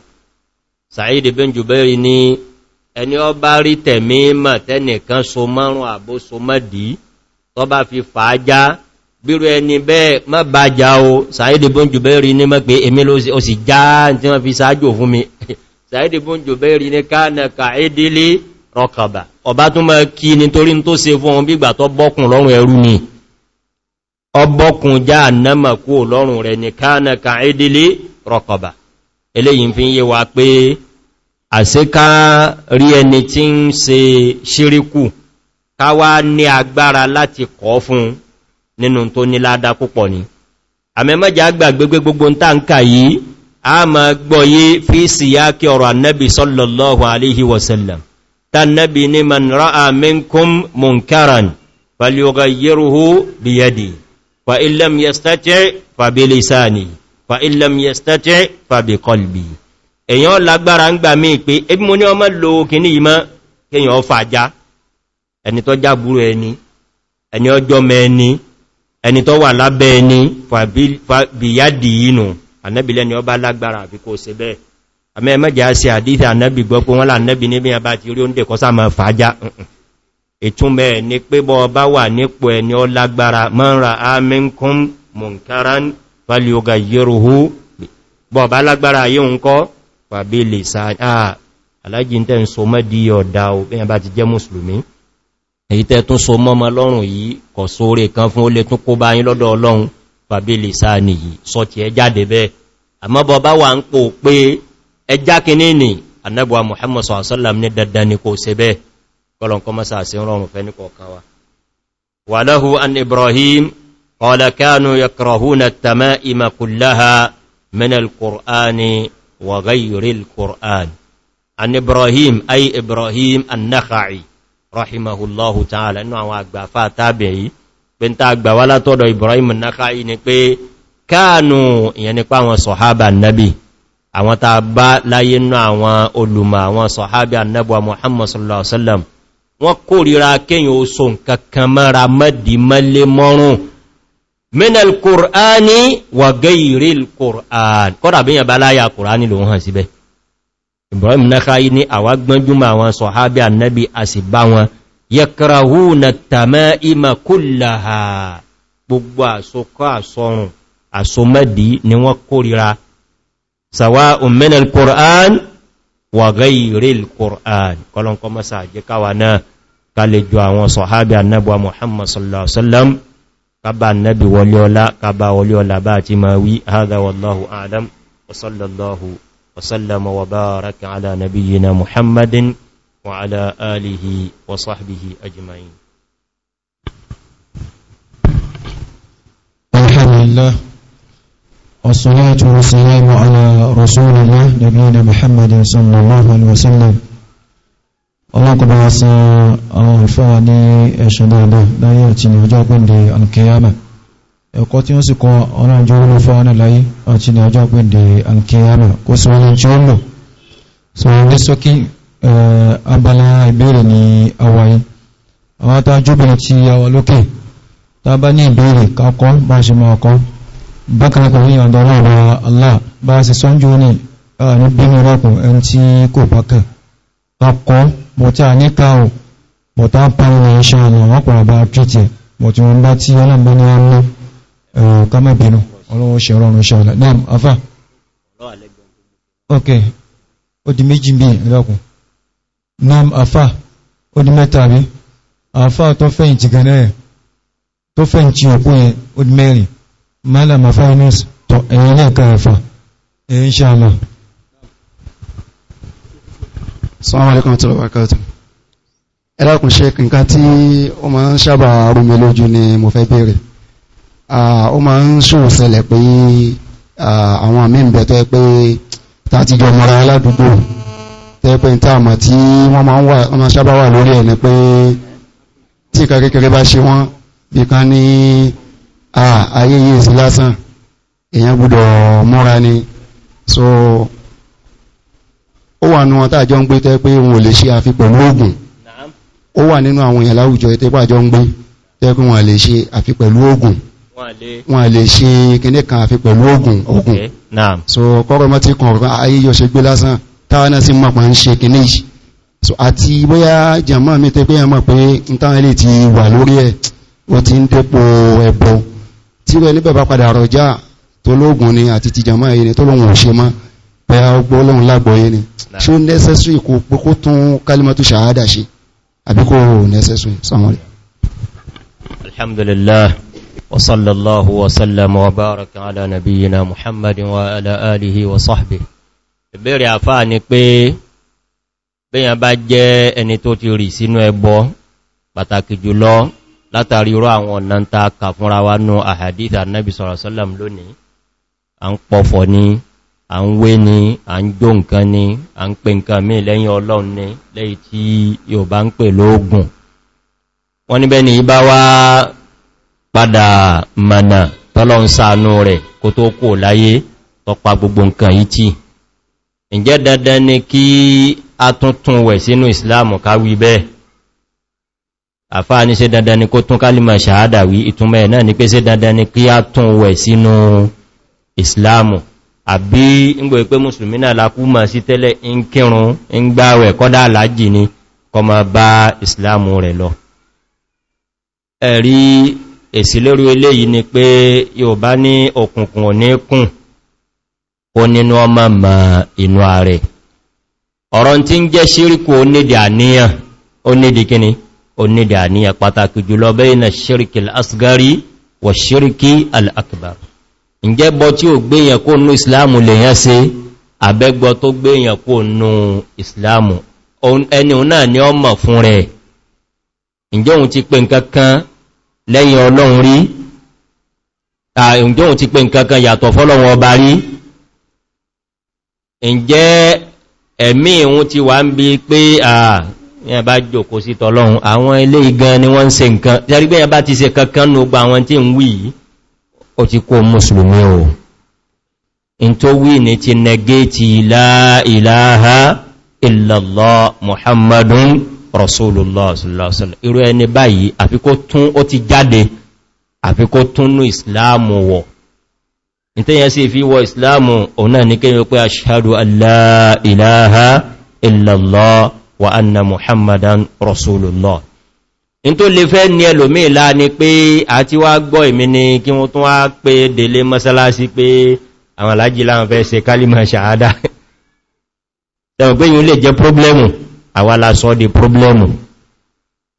sa'id ibn jubair ni ẹni ó bá rí tẹ̀mí mọ̀ so márùn-ún àbó so mọ́dí tó bá fi fàájá bírò ẹni bẹ́ẹ̀ má bá jà o sàídì bó ń jù bẹ́ẹ̀ rí ní mọ́ pé èmi ló sì já tí wọ́n fi sáájò fún mi sàídì bó ń jù bẹ́ẹ̀ rí ní káànà kàídílé rọkàbà ọba tún mọ́ kí nítorí tó se fún wọn bígbà tó bọ́kùn lọ́rùn ẹrú ni ọbọ́kùn já ànámà kú lọ́rùn rẹ̀ ní wa pé àsíká rí ẹni se ṣíríkù káwá ní agbára láti kọ́ nínú tó ní ládá púpọ̀ ni àmẹ́mẹ́jà gbàgbégbé gbogbo táǹkà yìí a ma gbọ́yé fi síyá kí ọ̀rọ̀ annabi sallallahu alaihi wasallam ta nabi ni man ra'a minkum munkaran falyughayyiruhu biyadi fa illam yastati fa bi lisani fa illam yastati fa bi qalbi èyàn lágbára ń gbà mí pé ebi mo ní ọmọ lo kìíní ìmọ́ kíyàn ọfà já ẹni tó já ẹni ẹni ọjọ́ mẹ́ni ẹni tó wà lábẹ́ ẹni fàbíyàdì yínú ànẹ́bìlẹ́ ni ọ bá lágbára àfi kó se bẹ́ẹ̀ àmẹ́ ẹmẹ́jẹ́ sí àdífì ànẹ́bì gbọ́pọ̀ wọ́n lànẹ́bì níbi ẹbá ti rí oúnjẹ kọsá mọ́ fàájá ìtúnbẹ̀ ní pé bọ́ bá wà nípò ẹni ọ lágbára mọ́ra amínkún munkaran falioga yeruhu bọ́ bá lágbára yí ń kọ́ pàbí lè sáà alájí tẹ́ ń tún so mọ́ lọ́rùn yìí kọ̀ sóre kan fún ó lè tún kó bá yín lọ́dọ̀ ọlọ́run fàbílì sáà nìyí sọ ti ẹ jáde bẹ́ẹ̀ àmọ́bọ̀ bá wà ń pò pé ẹjá kìíní ni annabuwa muhammad sallam ní wa wà láhú an an ibrahim ay ibrahim annaka'i rahimahullahu ta'ala inú àwọn àgbàfà tàbí yìí pé ń ta àgbàwà látọ́dọ̀ Ibrahim Nakhai ni pé káànù ìyẹn nípa àwọn sọ̀hábà nabi àwọn ta bá láyé inú àwọn olùmọ̀ àwọn sọ̀hábà nabuwa Muhammad sallallahu alaihi wasallam wọ́n kórìíra kéyàn ó so nǹkankan mara mẹ́dì mẹ́lé mọ́rún minal Qur'ani wa gairil Qur'an kọ́dà bí yàn bá láyà Qur'ani ibrahim nakhai ní àwà gbọ́njúmọ̀ àwọn sọ̀hábí annabi a sì bá wọn yẹkrahu na tamaima kullaha gbogbo àsọkọ́ àsọrùn àsọmọ́dí ni wọ́n kórira sàwá òmìnà al-qur'an wà gáyìrí al-qur'an kọlọ́nkọ́ masá jẹ́ káwà náà ká lè jọ àwọn sọ̀hábí annabi wa wa sallallahu وسلم وبارك على نبينا محمد وعلى آله وصحبه أجمعين الحمد
لله والصلاة والسلام على رسول الله نبينا محمد صلى الله عليه وسلم اللهم صل àwọn ìfáà ní أشهد dáadáa لا يأتي ní ọjọ́ ẹ̀kọ́ tí wọ́n sì kọ ọ̀rànjọ́ orílẹ̀ fún wọn láyé àti ní ọjọ́ gbẹ̀dẹ̀ alkiyama kó sì wọ́n tí ó lò so ní sókí abala ìbéèrè ní àwáyé àwọn tàjóbìnrin tí àwọn lókè tàbá ní ìbéèrè kakọ́ bá ṣe máa kọ́ bákanakọ̀ ní ọ̀dọ́rọ̀ Allah bá ṣe sọ́njú ní ààrín bínú rọ́pù ẹni tí kò bákẹ̀ kakọ́ mọ̀ tí a ní káò mọ̀ tá ń pa wọ́n bá tí wọ́n ní ọmọ kama binu ọlọ́wọ́ ṣe ọlọ́run ṣe ọ̀nà náà afá ok ó di méjì bí ẹlọ́kùn náà afá ó di mẹ́ta rí afá tó fẹ́yìntì gan náà tó fẹ́yìntì òkú yẹn ó di mẹ́rin malam afá inus tọ ẹ̀yìn náà ká afá ẹ̀yìn ṣàmà
Assalamu alaikum warahmatullahi wabarakatuh ẹlọ́kùn ṣe kìnká tí ó máa ń sábà rúmi lójú ni mo fẹ́ béèrè ó máa ń ṣòwò ṣẹlẹ̀ pé àwọn àmì ń bẹ tó yẹ pé tá ti jọ mọ́ra aládùúgbò tó yẹ pé ní táàmà tí wọ́n máa sábà wà lórí ẹ̀ ni pé tí ìka kékeré bá ṣe wọ́n bí kan ní ayé yìí sí lásán èèyàn gbọ́dọ̀ mọ́ra ni so ó wà nínú wọn tàà jọ ń gbé tẹ́ pé wọn ò lè ṣe àfi pẹ̀lú oògùn ó wà nínú àwọn èèyàn láwùjọ tẹ́pàá ń gbé tẹ́ pé wọn lè ṣe àfi pẹ̀lú oògùn wọ́n lè ṣe kíní kan àfi pẹ̀lú ogun ogun so kọ́rọ̀ mọ́ tí kan rọ̀ ayé yọ ṣe gbé lásán táwọn náà sí mọ̀ pa ń ṣe kíní yìí so àti bóyá jàmọ́ mi tẹ́ pé ẹmọ̀ pé ń táwọn ilé ti wà lórí ẹ̀ ó ti ń dépò ẹ̀bọ tí rẹ̀ níbẹ̀ bá padà rọjá tó lóògùn ni àti ti jàmọ́ ẹ̀yẹ ni tó lóhun ò ṣe mọ́ pẹ́ ọgbọ́ lóhun lágbọ́yé ni ṣó necessary kò pé kó tún kálímọ́tù ṣàhádà ṣe àbí necessary
sọmọlẹ̀ alhamdulillah وصلى الله وسلم وبارك على نبينا محمد وعلى آله وصحبه ìbéèrè àfáà ni pé bíyàn bá jẹ́ ẹni tó ti rì sínú ẹbọ pàtàkì jùlọ látàrí irú àwọn ọ̀nà ń ta kà fúnra wá nú àhàdíta nẹ́bí sọ̀rọ̀sọ́lọ̀m lónìí à ń pọ̀fọ̀ ni à ń wé ni à ń jó nǹkan ni à ń pè nǹkan mí lẹ́yìn ọlọ́run ni lẹ́yìn tí yóò bá ń pè lóògùn wọ́n níbẹ̀ ni ibá wá padà mana tọ́lọ́ ń sáànú rẹ̀ kó tó kò láyé tọpa gbogbo nǹkan yìí tí ǹjẹ́ dandan ni kí a tún tún wẹ̀ sínú ìsìláàmù káwí bẹ́ẹ̀ àfáà ní ṣe dandan ni kó tún kálìmà ṣàádà wí ìtúnmẹ́ náà ni pé ṣe dandan ni kí a tún wẹ̀ sínú ìsìláàmù àbí ngbò pé mùsùlùmí náà lákúmọ̀ sí tẹ́lẹ̀ ń kírun ń gbáwẹ̀ kọ́dá alájì ni kọmọ bá ìsìláàmù rẹ̀ lọ ẹ̀rí èsì lórí eléyìí ni pé Yorùbá ní òkùnkùn oníkùn o nínú ọmọ mọ̀ inú ààrẹ ọ̀rọ̀ tí ń jẹ́ ṣíríkù onídì àníyàn onídì kíni onídì àníyàn pàtàkì jùlọ bẹ́ẹ̀nà ṣíríkì al'asgari wà ṣíríkì al'akbar ǹjẹ́ islamu le islamu ni ti lẹ́yìn ọlọ́run rí ǹjẹ́ òun ti pé nǹkankan yàtọ̀ fọ́lọ́run ọba rí ǹjẹ́ ẹ̀mí òun ti wà ń bí pé àyàn bá jòkó sí tọ́lọ́run àwọn ilé igan ni wọ́n ń ṣe nǹkan tẹ́rí pé yàn bá ti ṣe ti kó mùsùlùmí o in rasulullah sallallahu alaihi wasallam irú ẹni báyìí àfi kó tún ó ti jáde àfi kó tún ní ìsìláàmù wọ̀ ìtẹ́yẹn sí fi wọ ìsìláàmù ọ̀nà ní kéyàn pé ashhadu an la ilaha illallah wa anna muhammadan rasulullah in tó lè fẹ́ ní ẹlòmí ìlà ni pé a ti wá gbọ́ ìmí ni kí wọ́n tún wá pé délé mọ́sálásí pé àwọn alájí láwọn fẹ́ ṣe kálímà ṣàádá tẹ̀wọ̀n pé yìí lè jẹ́ problemu àwàlá sọ di problemu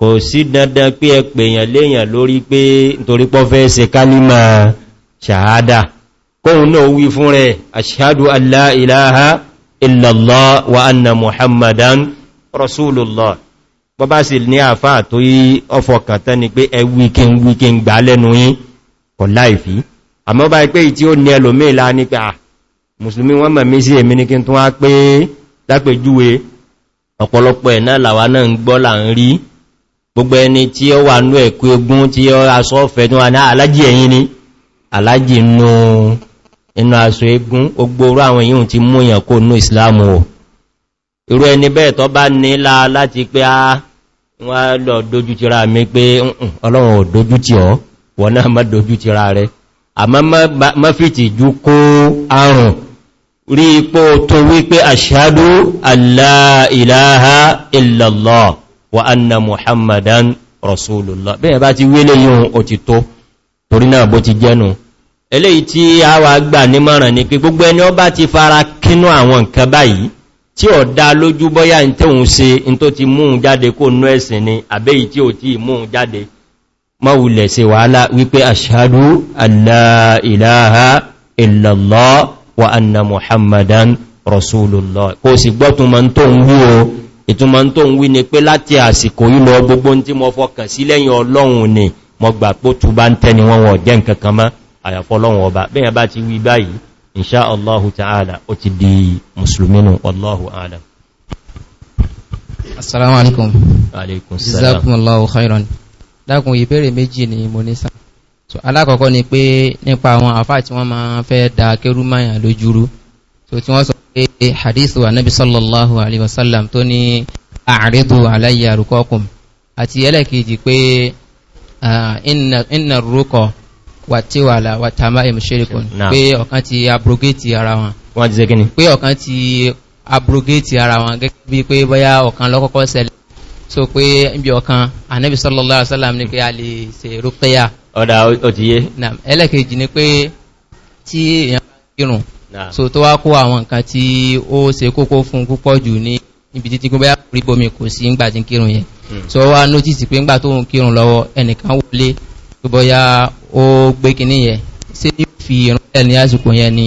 kò sí dandan pé ẹ pèèyàn léèyàn lórí pé nítorí pọ́ fẹ́ ṣe kálímà ṣàhádà kóhun náà wí fún rẹ̀ aṣíhádù aláìláha illallah wa anna muhammadan rasulullah bọ́bá sì ní àfáà tó yí ọfọ̀ kàtán ni pé ẹ wíkín wíkín gbà lẹ́nu yí kọ̀ láìfí àmọ́ bá pé tí ó ní ẹlòmí ìlà ní pé à ah, mùsùlùmí wọ́n mọ̀ sí èmi ní kí tún wá pé lápèjúwe ọ̀pọ̀lọpọ̀ ẹ̀nà làwà náà ń gbọ́ là ń rí gbogbo ẹni tí ó wà ní ẹ̀kú egún tí ó aṣọ ọ̀fẹ́ tí wọ́n ní alájì ẹ̀yìn ni alájì inú aṣọ egún ogboro àwọn yíò ti mú yàn kó ní ìsìláàmù ò irú ẹni bẹ́ẹ̀ tọ́ bá nílá láti pé a wọ́n lọ dojú ti ra mi pé ọlọ́run ò dojú ti ọ́ wọ́n náà má dojú ti ra rẹ̀ àmọ́ mọ́fìtì jú kó àrùn rí ipò tó wípé aṣhadu alla ilaha illallah wa anna muhammadan rasulullah bẹ́ẹ̀ bá ti wélé yíò òtítọ́ torí náà bó ti jẹ́nu eléyìí tí a wà gbà nímọ̀ràn ní pé gbogbo ẹni ó bá ti fara kínú àwọn nǹkan báyìí tí ó dá lójú bọ́yá ní tóhun ṣe in tó ti mú jáde kó nú ẹ̀sìn ni àbẹ́yìí tí ó ti mú jáde mọ́wulẹ̀ ṣe wàhálà wípé aṣhadu alla illallah wa anna muhammadan rasulullah kò sì gbọ́ túnmọ̀ tó ń wí o ìtúnmọ̀ tó ń wí ni pé láti àsìkò ìlọ gbogbo tí mo fọkàn sí lẹ́yìn ọlọ́run ni mo gbà pó tú bá ń tẹ́ni wọn wọ̀n jẹ́ nkankan mọ́ àyàfọ́ ọlọ́run ọba bẹ́yàn bá ti wí báyìí inṣá allahu ta'ala ó ti di musulminu allahu
adam assalamu alaikum alaikum salam dákun ìbéèrè méjì ni mo ní so alákọ̀ọ́kọ́ ni pé nípa àwọn àfá tí wọ́n máa fẹ́ da kẹrù máyà lójúrú so tí wọ́n sọ pé hadithu anabi sallallahu alaihi wasallam tó ní àrídù aláyà rukọkùn àti ẹlẹ́kìí pé ah, inna rukọ wà tí wà là wà tàmà ìmṣẹ́rìkùn pé ọ̀kan ti abrogate ara wọn wọ́n ti ṣe gíní pé ọ̀kan ti abrogate ara wọn gẹ́gẹ́ bí pé bóyá ọ̀kan lọ́kọ́kọ́ ṣẹlẹ̀ so pé ibi ọ̀kan anabi wasallam ní pé a lè ọ̀dá òtíyé ẹlẹ́kejì ni pé tí èyàn kírùn so tó wá kó àwọn nǹkan tí ó ṣe kókó fún púpọ̀ jù ní ibi títí kó bá rí bómi kò sí ń gbà tí kírùn yẹn hmm. so wá nótìsì pé ńgbà tó ń kírùn lọ́wọ́ ẹnìkan wọlé tó bọ́yá ó gbé kinní yẹn sí fi ìrún ẹ̀ ní àsìkò yẹn ni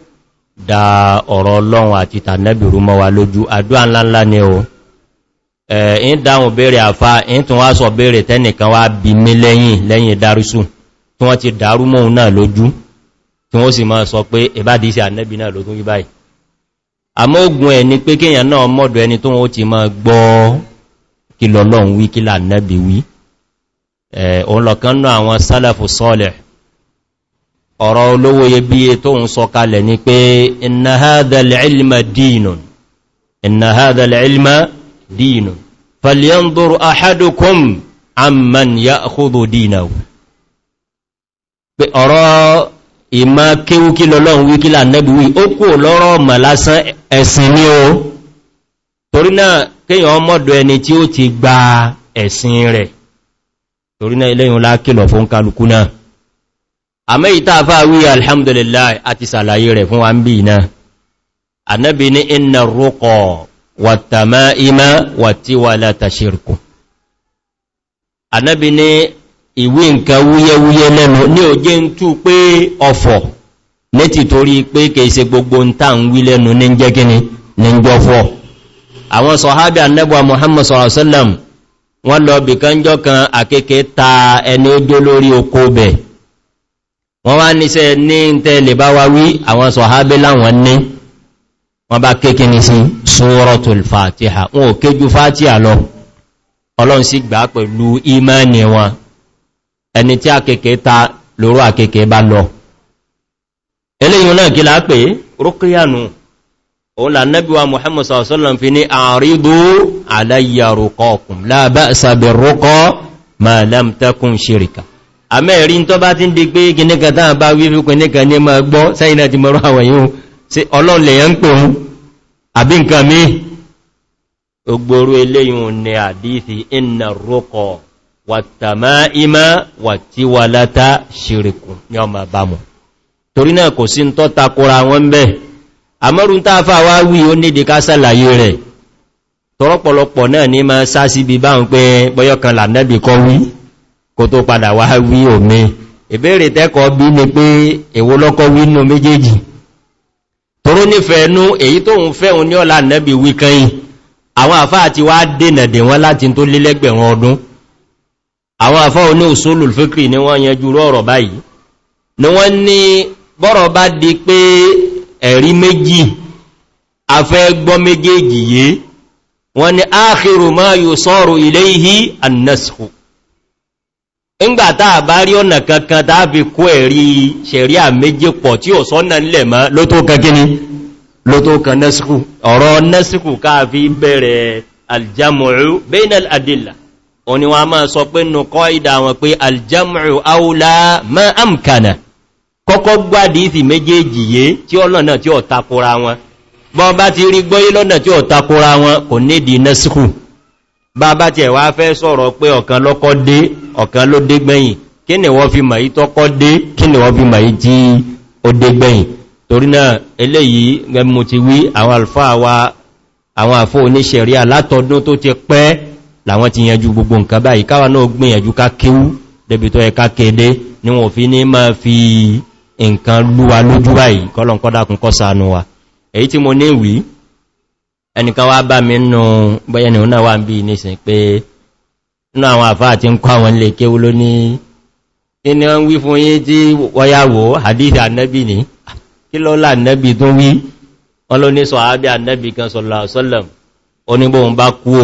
da ọ̀rọ̀ ọlọ́run àti tànẹ́bìrú mọ́ wa lójú àdúrà ńláńlá ni o ẹ̀yìn dáhùn béèrè àfá ẹ̀yìn tún wá sọ béèrè tẹ́nìkan wá bí mí lẹ́yìn lẹ́yìn dárísù tí wọ́n ti dárú mọ́ náà lójú tí wọ́n sì máa sọ pé ìbádìí sí ànẹ́bì náà ló tún yí báyìí àmọ́ ogun ẹ̀ ni ọ̀rọ̀ olówó yẹ bí i tó ń sọ kalẹ̀ ni pé inna hadha al-ilma dínun falyanzur ahadukum amman ya'khudhu dinahu pé ọ̀rọ̀ ìmá kéwúkí lọ́lọ́run wíkílà nẹ́bùwí ó kú lọ́rọ̀ mà lásán ẹ̀sìn ní o torí náà kéyàn ọmọdọ̀ ẹni tí ó ti gba ẹ̀sìn rẹ̀ torí náà iléyìn lákìlọ̀ fún kálukú náà àmẹ́ ìtàfà wí alhamdulillah àti sàlàyé rẹ̀ fún wa ń bí iná annabi ní iná rúkọ wàtàmá imá wàtí wà látà ṣírkù annabi ní ìwé nǹkan wúyẹ́wúyẹ́ lẹ́nu ní òjé ń tú pé ọfọ̀ létì torí pé kèèse gbogbo ń tàn wí lẹ́nu ní jẹ́ gíní ní jọfọ́ àwọn sọ̀hábí annabuwa muhammad sallallahu alaihi wasallam wọ́n lọ bìkan jọ kan àkékè ta ẹni ó jó lórí oko bẹ̀ẹ́ wọ́n wá níṣẹ́ ní tẹ́ lè bá wá wí àwọn sọ̀hábé láwọn ní wọ́n bá kéèkì ní sí Suratul Fatiha wọn ò kéjú Fatiha lọ ọlọ́run sì gbà pẹ̀lú ìmánì wọn ẹni tí àkèké ta lóró àkèké bá lọ eléyìn náà kí lápé rúkíyànù òun là nábì wa Muhammad sallallahu alaihi wasallam fi ní ma lam takun shirka àmẹ́rí tó bá ti ń di pé gínẹ́kan tán bá wí fíkún nìkan ní ma gbọ́ sẹ́yìn náà ti mọ́rọ̀ àwọn yíò sí ọlọ́run lè yán pòun àbí nǹkan mí ogbooro eléyìn ní àdífi iná rókọ wàtàmá imá wàtíwàlátá ṣirikù ma sá síbi báhùn pé bọ́yọ́kan lànẹ́bì kò tó padà wá wí omi ìbéèrè tẹ́kọ̀ọ́ bí ní pé èwo lọ́kọ́ wínú méjèèjì toró nífẹ̀ẹ́ ẹnu èyí tó ń fẹ́ òun ní ọ̀lá nẹ́bí wíkẹ́yìn àwọn àfáà ti wá dènà dè wọ́n láti tó lélẹ́gbẹ̀rún ọdún àwọn àfáà oní òṣòlù fíkì ni ńgbà táà bá rí ọ̀nà kankan táà fi kó ẹ̀rí ṣẹ̀ríà méjì pọ̀ tí ò sọ́nà nílẹ̀ mọ́ ló tó kan gíní ló tó kan nẹ́sìkù ọ̀rọ̀ nẹ́sìkù káà fi bẹ̀rẹ̀ aljamu'u bainal adilla òní wa máa sọ pé nù kọ́ ìdá wọn pé aljamu'u aula bá bá tẹ̀ wá fẹ́ sọ̀rọ̀ pé ọ̀kan lọ́kọ́ dé ọ̀kan ló dé gbẹ̀yìn kí ni wọ́n fi màí tọ́kọ́ dé kí ni wọ́n fi màí tí ó dé gbẹ̀yìn torí náà eléyìí gẹmù ti wí àwọn alfáà wa àwọn àfó oníṣẹ̀rí alátọdún tó ti pẹ́ ni wọ́n fi ní máa fi nǹkan lúwa lójú ẹnìkan wá bá mi nù bọ́yẹni òun náà wà ń bí nísìn pé inú àwọn àfáà tí ń kọ́ àwọn ilé kéwú ló ní kí ni wọ́n wí fún yí tí wọ́yàwó hadith annabi ni kí lọ́lá annabi tó wí ọlọ́ní sọ àábí annabi kan sallallahu alaihi wasallam onígbóhun bá o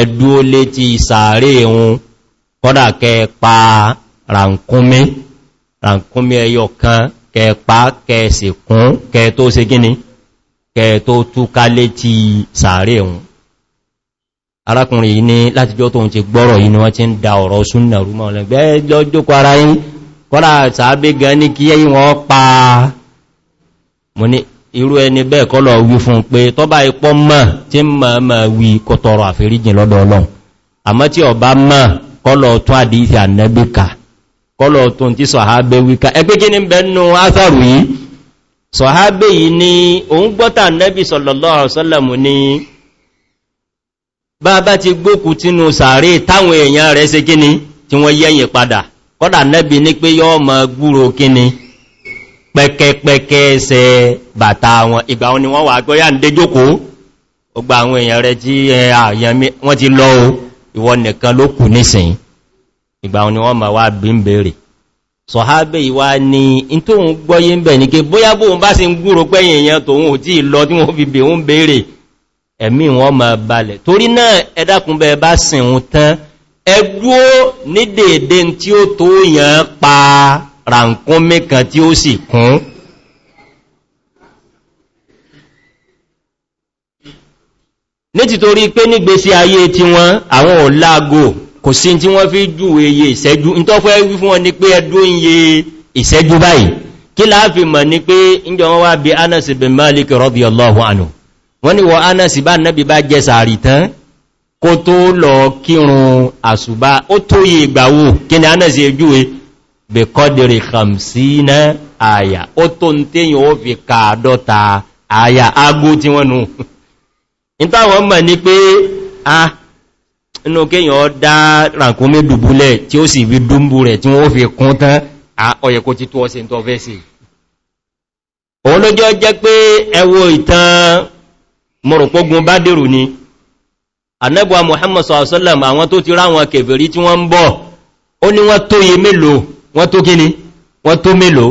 ẹ̀dú ó lé ti sàárè ohun kọ́dà kẹ pa ràǹkúnmí ràǹkúnmí ẹyọ kan kẹ pa kẹ tó túká létí sàárè hun arákùnrin yìí ní látijọ́ tóun ti gbọ́rọ̀ yìí ni wọ́n ti ń da ọ̀rọ̀ súnnà rúmọ̀ lẹ́gbẹ́ lọ́jọ́kọ́ ara yìí kọ́lá sàábé gan ní kí yẹ́yìn wọ́n pa mo ní irú ẹni bẹ́ẹ̀ kọ́ lọ wí fún pé tọ́ bá ipọ́ mọ̀ tí mọ̀ mọ̀ wí kò tọrọ àforíjìn lọ́dọ̀ ọlọ́run àmọ́ tí ọba mọ̀ kọ́ lọ tún sọ̀hábé yìí ni òun gbọ́ta nẹ́bí sallallahu alaihi ní bá bá ti gbókù tínú sàárè táwọn èèyàn rẹ̀ ṣe kíni tí wọ́n yẹ́yìn padà kọ́dà nẹ́bí ní pé yọ́ mọ̀ gúrò kíni pẹ́kẹ́pẹ́kẹ́ bàtà wọn ìgbà wọn ni wọ́n wà gbọ́yà ń sọ̀hábẹ̀ ìwà ni in tó ń gbọ́yé ń bẹ̀ ní ké bóyá bóhun bá sì ń gúrò pẹ́yìn èèyàn tòun ò tí lọ tí wọ́n fi bèèrè bèèrè ẹ̀mí wọn ma balẹ̀ torí náà ẹdákùnbẹ̀ bá sìnwò tán ẹgbó ní dèédé tí ó tó yàn pa ràǹkún mẹ́kan tí ó sì kún ní títorí pé kò sí tí wọ́n fi jù eye ìṣẹ́jú ní tó fẹ́ wí fún wọn ni pé ẹdú ń ye ìṣẹ́jú báyìí kí láàfi mọ̀ ní pé ìjọ wọn wá bí anas bin malik radiyallahu anhu wọ́n ni wọ anas bá nẹ́bí bá jẹ sàárì tán kó tó lọ kírun àsùbá ó tó yí ìgbàwó kí ni anas ejúwe bè kọ́dìrì khamsina àyà ó tó ń téyàn ó fi kàádọ́ta àyà agó tí wọ́n nù ah inú kéyàn dá ràkúnmí dùbúlẹ̀ tí ó sì fi dúnbù rẹ̀ tí wọ́n fi kún tán ọyẹ̀ kó ti tó ọsẹ̀ tó fẹ́ sí òun ló jọ jẹ́ pé ẹwọ ìtàn mọ̀rùpógun bá dèrò ni anẹ́bùwa Muhammad sọ̀rọ̀sọ́lẹ̀m àwọn tó ti ráwọn kèfèrí tí wọ́n ń bọ̀ ó ní wọ́n tó yé mélòó wọ́n tó kíni wọ́n tó mélòó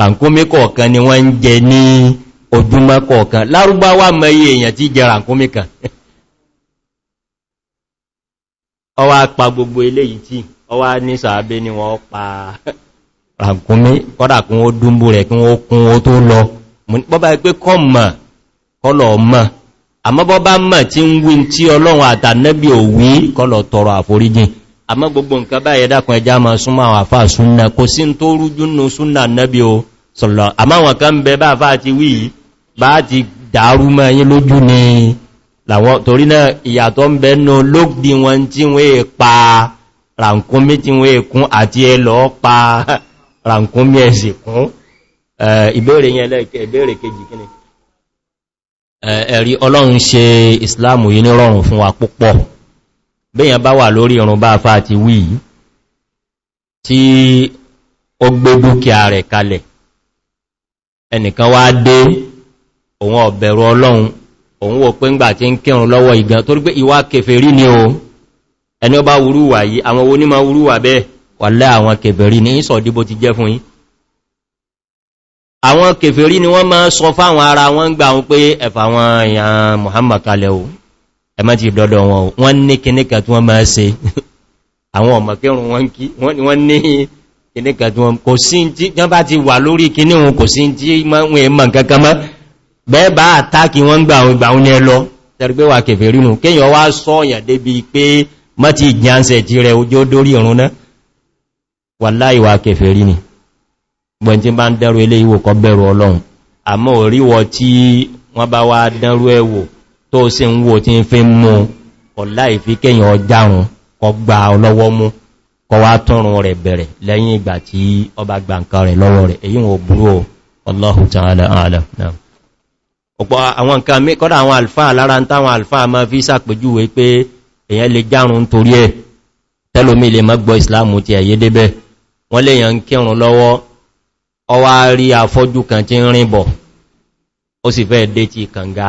ràǹkómí kọ̀ọ̀kan ni wọ́n ń jẹ ní ojúmọ́ kọ̀ọ̀kan lárúbáwá mẹ́yẹ èèyàn tí jẹ ràǹkómí kan ọwá [laughs] pa gbogbo eléyìí tí ọwá ní sàábé ni wọ́n pa ràǹkómí kọ́dà kún ó dúnbù rẹ̀ kún ó kún ó tó lọ bọ́bá pé kọ́ mọ̀ kọ́lọ̀ mọ̀ àmọ́ bọ́bá mọ̀ tí ń tí ọlọ́run àtànẹ́bì òwí kọ́lọ̀ tọrọ àmọ́ gbogbo nǹkan báyẹ̀ dákùn ẹja ma súnmọ́ àwọn àfáà súnnà kò sí tó rújú nù súnnà nẹ́bí o sọ̀lọ̀ àmọ́ àwọn kan bẹ bá àfáà ti wí bá ti dàárú mọ́ yí lójú ni làwọn torí náà ìyàtọ̀ ń bẹ nù lógbì wọn tí wọ́n pa ràǹkúnmí tí wọ́n kún àti ẹlọ pa ràǹkúnmí ẹ̀sì kún ìbéèrè ẹ̀rí ọlọ́run ṣe ìsìláàmù yìí ní rọrùn fún wa púpọ̀ bẹ́yàn bá wà lórí ọ̀run bá fà ti wí tí ó gbé dúkìá rẹ̀ kalẹ̀ ẹnìkan wá dé òun ọ̀bẹ̀rù ọlọ́run òun wò pé ńgbà tí ń kírun lọ́wọ́ ìgan torí pé ìwà kèfèrí ni o ẹni ọba wúrúwà yìí àwọn onímọ̀ wúrúwà bẹ́ẹ̀ wà lẹ́ àwọn kèfèrí ní ìsọ̀díbò ti jẹ́ fún yín àwọn kèfèrí ni wọ́n máa sọ fáwọn ara wọ́n gbà wọn pé ẹ̀fà àwọn èèyàn Muhammad kalẹ̀ o ẹmá ti ìdọ́dọ̀ wọn wọ́n ní kìníkà tí wọ́n máa ṣe [laughs] àwọn ọmọ kírùn wọn kí wọ́n ní kìníkà tí wọ́n kò sí tí wọ́n bá ti wà lórí kìní wọn kò sí tí wọ́n èèmọ̀ kankan mọ́ bẹ́ẹ̀ bá àtàkì wọ́n gbà ìgbà wọn ní ẹlọ tó se ń wo tí ń fi mú ọ̀lá ìfi kéyàn ọjárun kọ gba ọlọ́wọ́ mú kọ wá tọ́run rẹ̀ bẹ̀rẹ̀ lẹ́yìn ìgbà tí ọba gba nǹkan rẹ̀ lọ́wọ́ rẹ̀ èyí wọn búrú Allahu ta'ala a'lam ọ̀pọ̀ àwọn nǹkan mí kọ́dá àwọn alfáà lára ń táwọn alfáà máa fi sàpèjúwe pé èyàn lè járun ọwá rí afọ́jú kan tí ń rìn ó sì fẹ́ dé ti kànga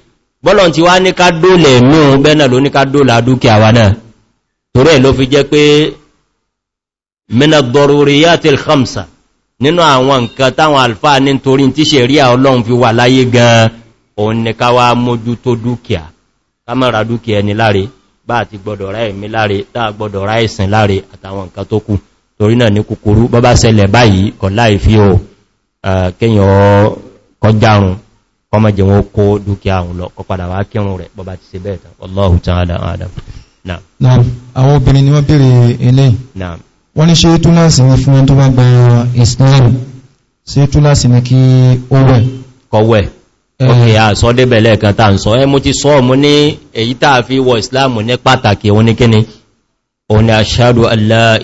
bọ́lọ̀ ti wá ní ká dólẹ̀ mún bẹ́nà ló ní ká dólà dúkìá wa náà torí ẹ̀ ló fi jẹ́ pé mẹ́nà dọ̀rọ̀rí yàtìl khamsa nínú àwọn nǹkan táwọn alfáà ní torí tí ṣẹ̀ríà ọlọ́run fi wà láyé gan òun ní ká wá mójú tó dúkìá ká má ra dúkìá ẹni láre bá àti gbọdọ̀ ra ẹ̀mí láre tá gbọdọ̀ ra ẹ̀sìn láre àtàwọn nǹkan tó kù torí náà ní kúkúrú bọ́bá ṣẹlẹ̀ báyìí kọ̀ láì fi ò kéyàn kọjárun kọmọ jẹ wọn kó dúkìá àwọn lọ kọ padà wá kírùn rẹ̀ bọ́bá ti ṣe bẹ́ẹ̀ tán Allahu ta'ala adam
naam àwọn obìnrin ni wọ́n bèèrè eléyìí naam wọ́n ní ṣe túláàsì ní fún tó bá Islam ṣe túláàsì ní kí ó wẹ̀
kọwẹ̀ ọkẹ̀ àsọ́débẹ̀ lẹ́ẹ̀kan tàà ń sọ ẹ mú ti sọ mú Islam ní pàtàkì òun ní kíni òun ni ashhadu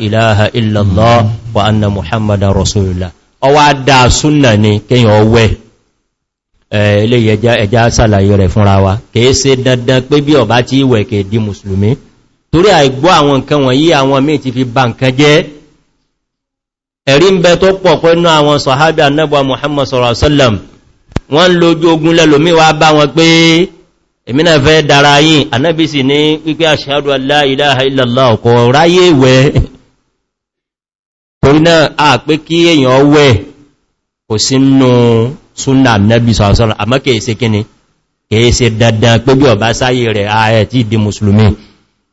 ilaha illallah wa anna muhammadan rasulullah ọwá dáa súnnà ni eléyìí ẹjá sàlàyé rẹ̀ fúnra wa kìí ṣe dandan pé bí ọba tí ìwẹ̀ kè di mùsùlùmí torí àìgbọ́ àwọn nǹkan wọ̀nyí àwọn míì ti fi ba nǹkan jẹ́ ẹ̀rí ń bẹ tó pọ̀ pẹ́nú àwọn sọ̀hábí annabuwa muhammad sallallahu alaihi wasallam wọ́n lójú ogun lẹ́lòmí wá bá wọn pé èmìnà fẹ́ la ilaha illallah ọkọ̀ ráyé wẹ́ torí náà a pé súnà nẹ́bí sọ̀rọ̀sọ̀rọ̀ àmọ́ kèèsè kíni kèèsè dandan pé bí ọba sáyé rẹ̀ ààrẹ tí di musulmi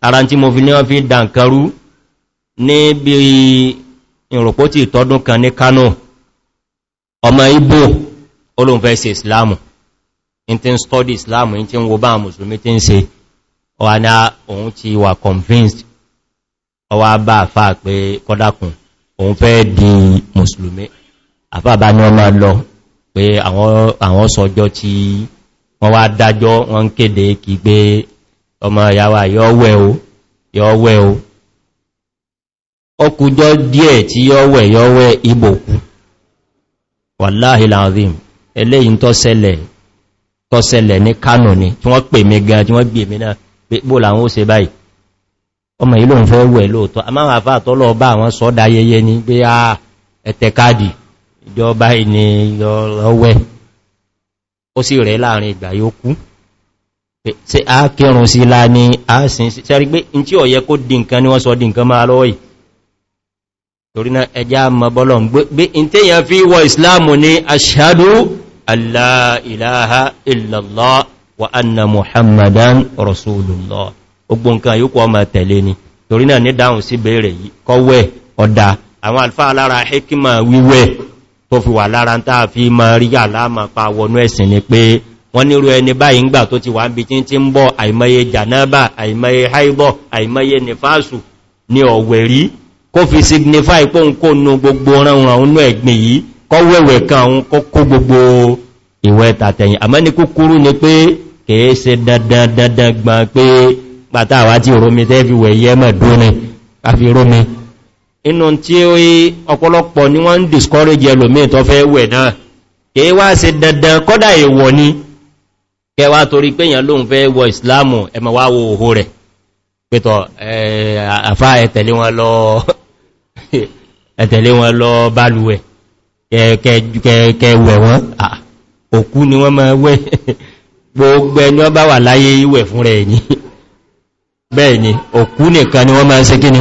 ara tí mo fi ní wọ́n fi dankarú ní bí ìrùpó tí ìtọ́dún kan ní kano ọmọ ibo olóǹfẹ́ sí islamu in ti islamu in ti ń wo se ọwà ní òun convinced ọwà bá àfáà pé di musulmi àfáà bá ní ọmọ lọ pé àwọn sọjọ́ tí wọ́n wá dájọ́ wọ́n ń kéde kì gbé ọmọ ìyàwó yọ́wẹ́ o yọ́wẹ́ o ọkùjọ́ díẹ̀ tí yọ́wẹ́ yọ́wẹ́ ìbòkú wàláhì láàrin eléyìn tó ṣẹlẹ̀ tó ṣẹlẹ̀ ní Kánò ni tí wọ́n pè mí gan tí wọ́n gbé mi náà pé bó làwọn ó ṣe báyìí ọmọ ìlú ń fẹ́ wẹ̀ lóòtọ́ a máa àfáà tọ́lọ bá àwọn sọ́dá yẹyẹ ní pé a ah, ẹ̀tẹ̀káàdì ìjọba ìní lọ́wẹ́ ó sì rẹ̀ láàrin ìgbà yóò kú tí a kírùn sí lá ní a sin sí sẹ́rí pé in tí ọ̀yẹ kó dì nǹkan ní wọ́n sọ dì nǹkan máa lọ́wọ́ yìí torí náà ẹjá mọ̀ bọ́lọ̀ gbé in tí yẹn fi wọ islamu ní aṣhadu aláìláha illallah wa anna muhammadan rasulullah gbogbo nǹkan yóò kọ́ máa tẹ̀lé ni torí náà ní dáhùn sí bèèrè kọ́wẹ́ ọ̀dá àwọn alfáà lára hikima wíwẹ́ tó fi wà lára tàà fi ma rí àlámà pa wọnú ẹ̀sìn ni pé wọ́n nírú ẹni báyìí ń gbà tó ti wà ń bí tí tí ń bọ́ àìmọye jànábà àìmọye haibọ̀ àìmọye nìfásù ni ọ̀wẹ̀rí kó fi signify pé ń kó nú gbogbo ránranú ẹ̀gbìn yìí kọ́ wẹ̀wẹ̀ kan àwọn kó gbogbo ìwẹ́ inú tí ó yí ọ̀pọ̀lọpọ̀ ni wọ́n ń discourage ẹlòmíì tó fẹ́ wẹ̀ náà kìí wá ṣe dandan kọ́dà èèwọ̀ ni kẹwa torí pé èyàn lóun fẹ́ wọ ìsìláàmù ẹmọ wá wo òhó rẹ̀ pẹ̀tọ̀ àfá ẹ̀tẹ̀lé wọn lọ bálúwẹ̀ [laughs] kẹwẹ̀ wọn òkú ni wọ́n máa wẹ̀ [laughs] gbogbo ẹni ọ bá wà láyé ìwẹ̀ fún rẹ̀ ni [laughs] bẹ́ẹ̀ ni òkú nìkan ni wọ́n máa ń ṣe kíni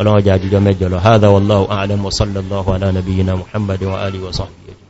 ọlọ́run ọjà àjíjọ mẹ́jọ lọ hádà wallahu a'lam wa sallallahu ala nabiyyina muhammadin wa alihi wa sahbihi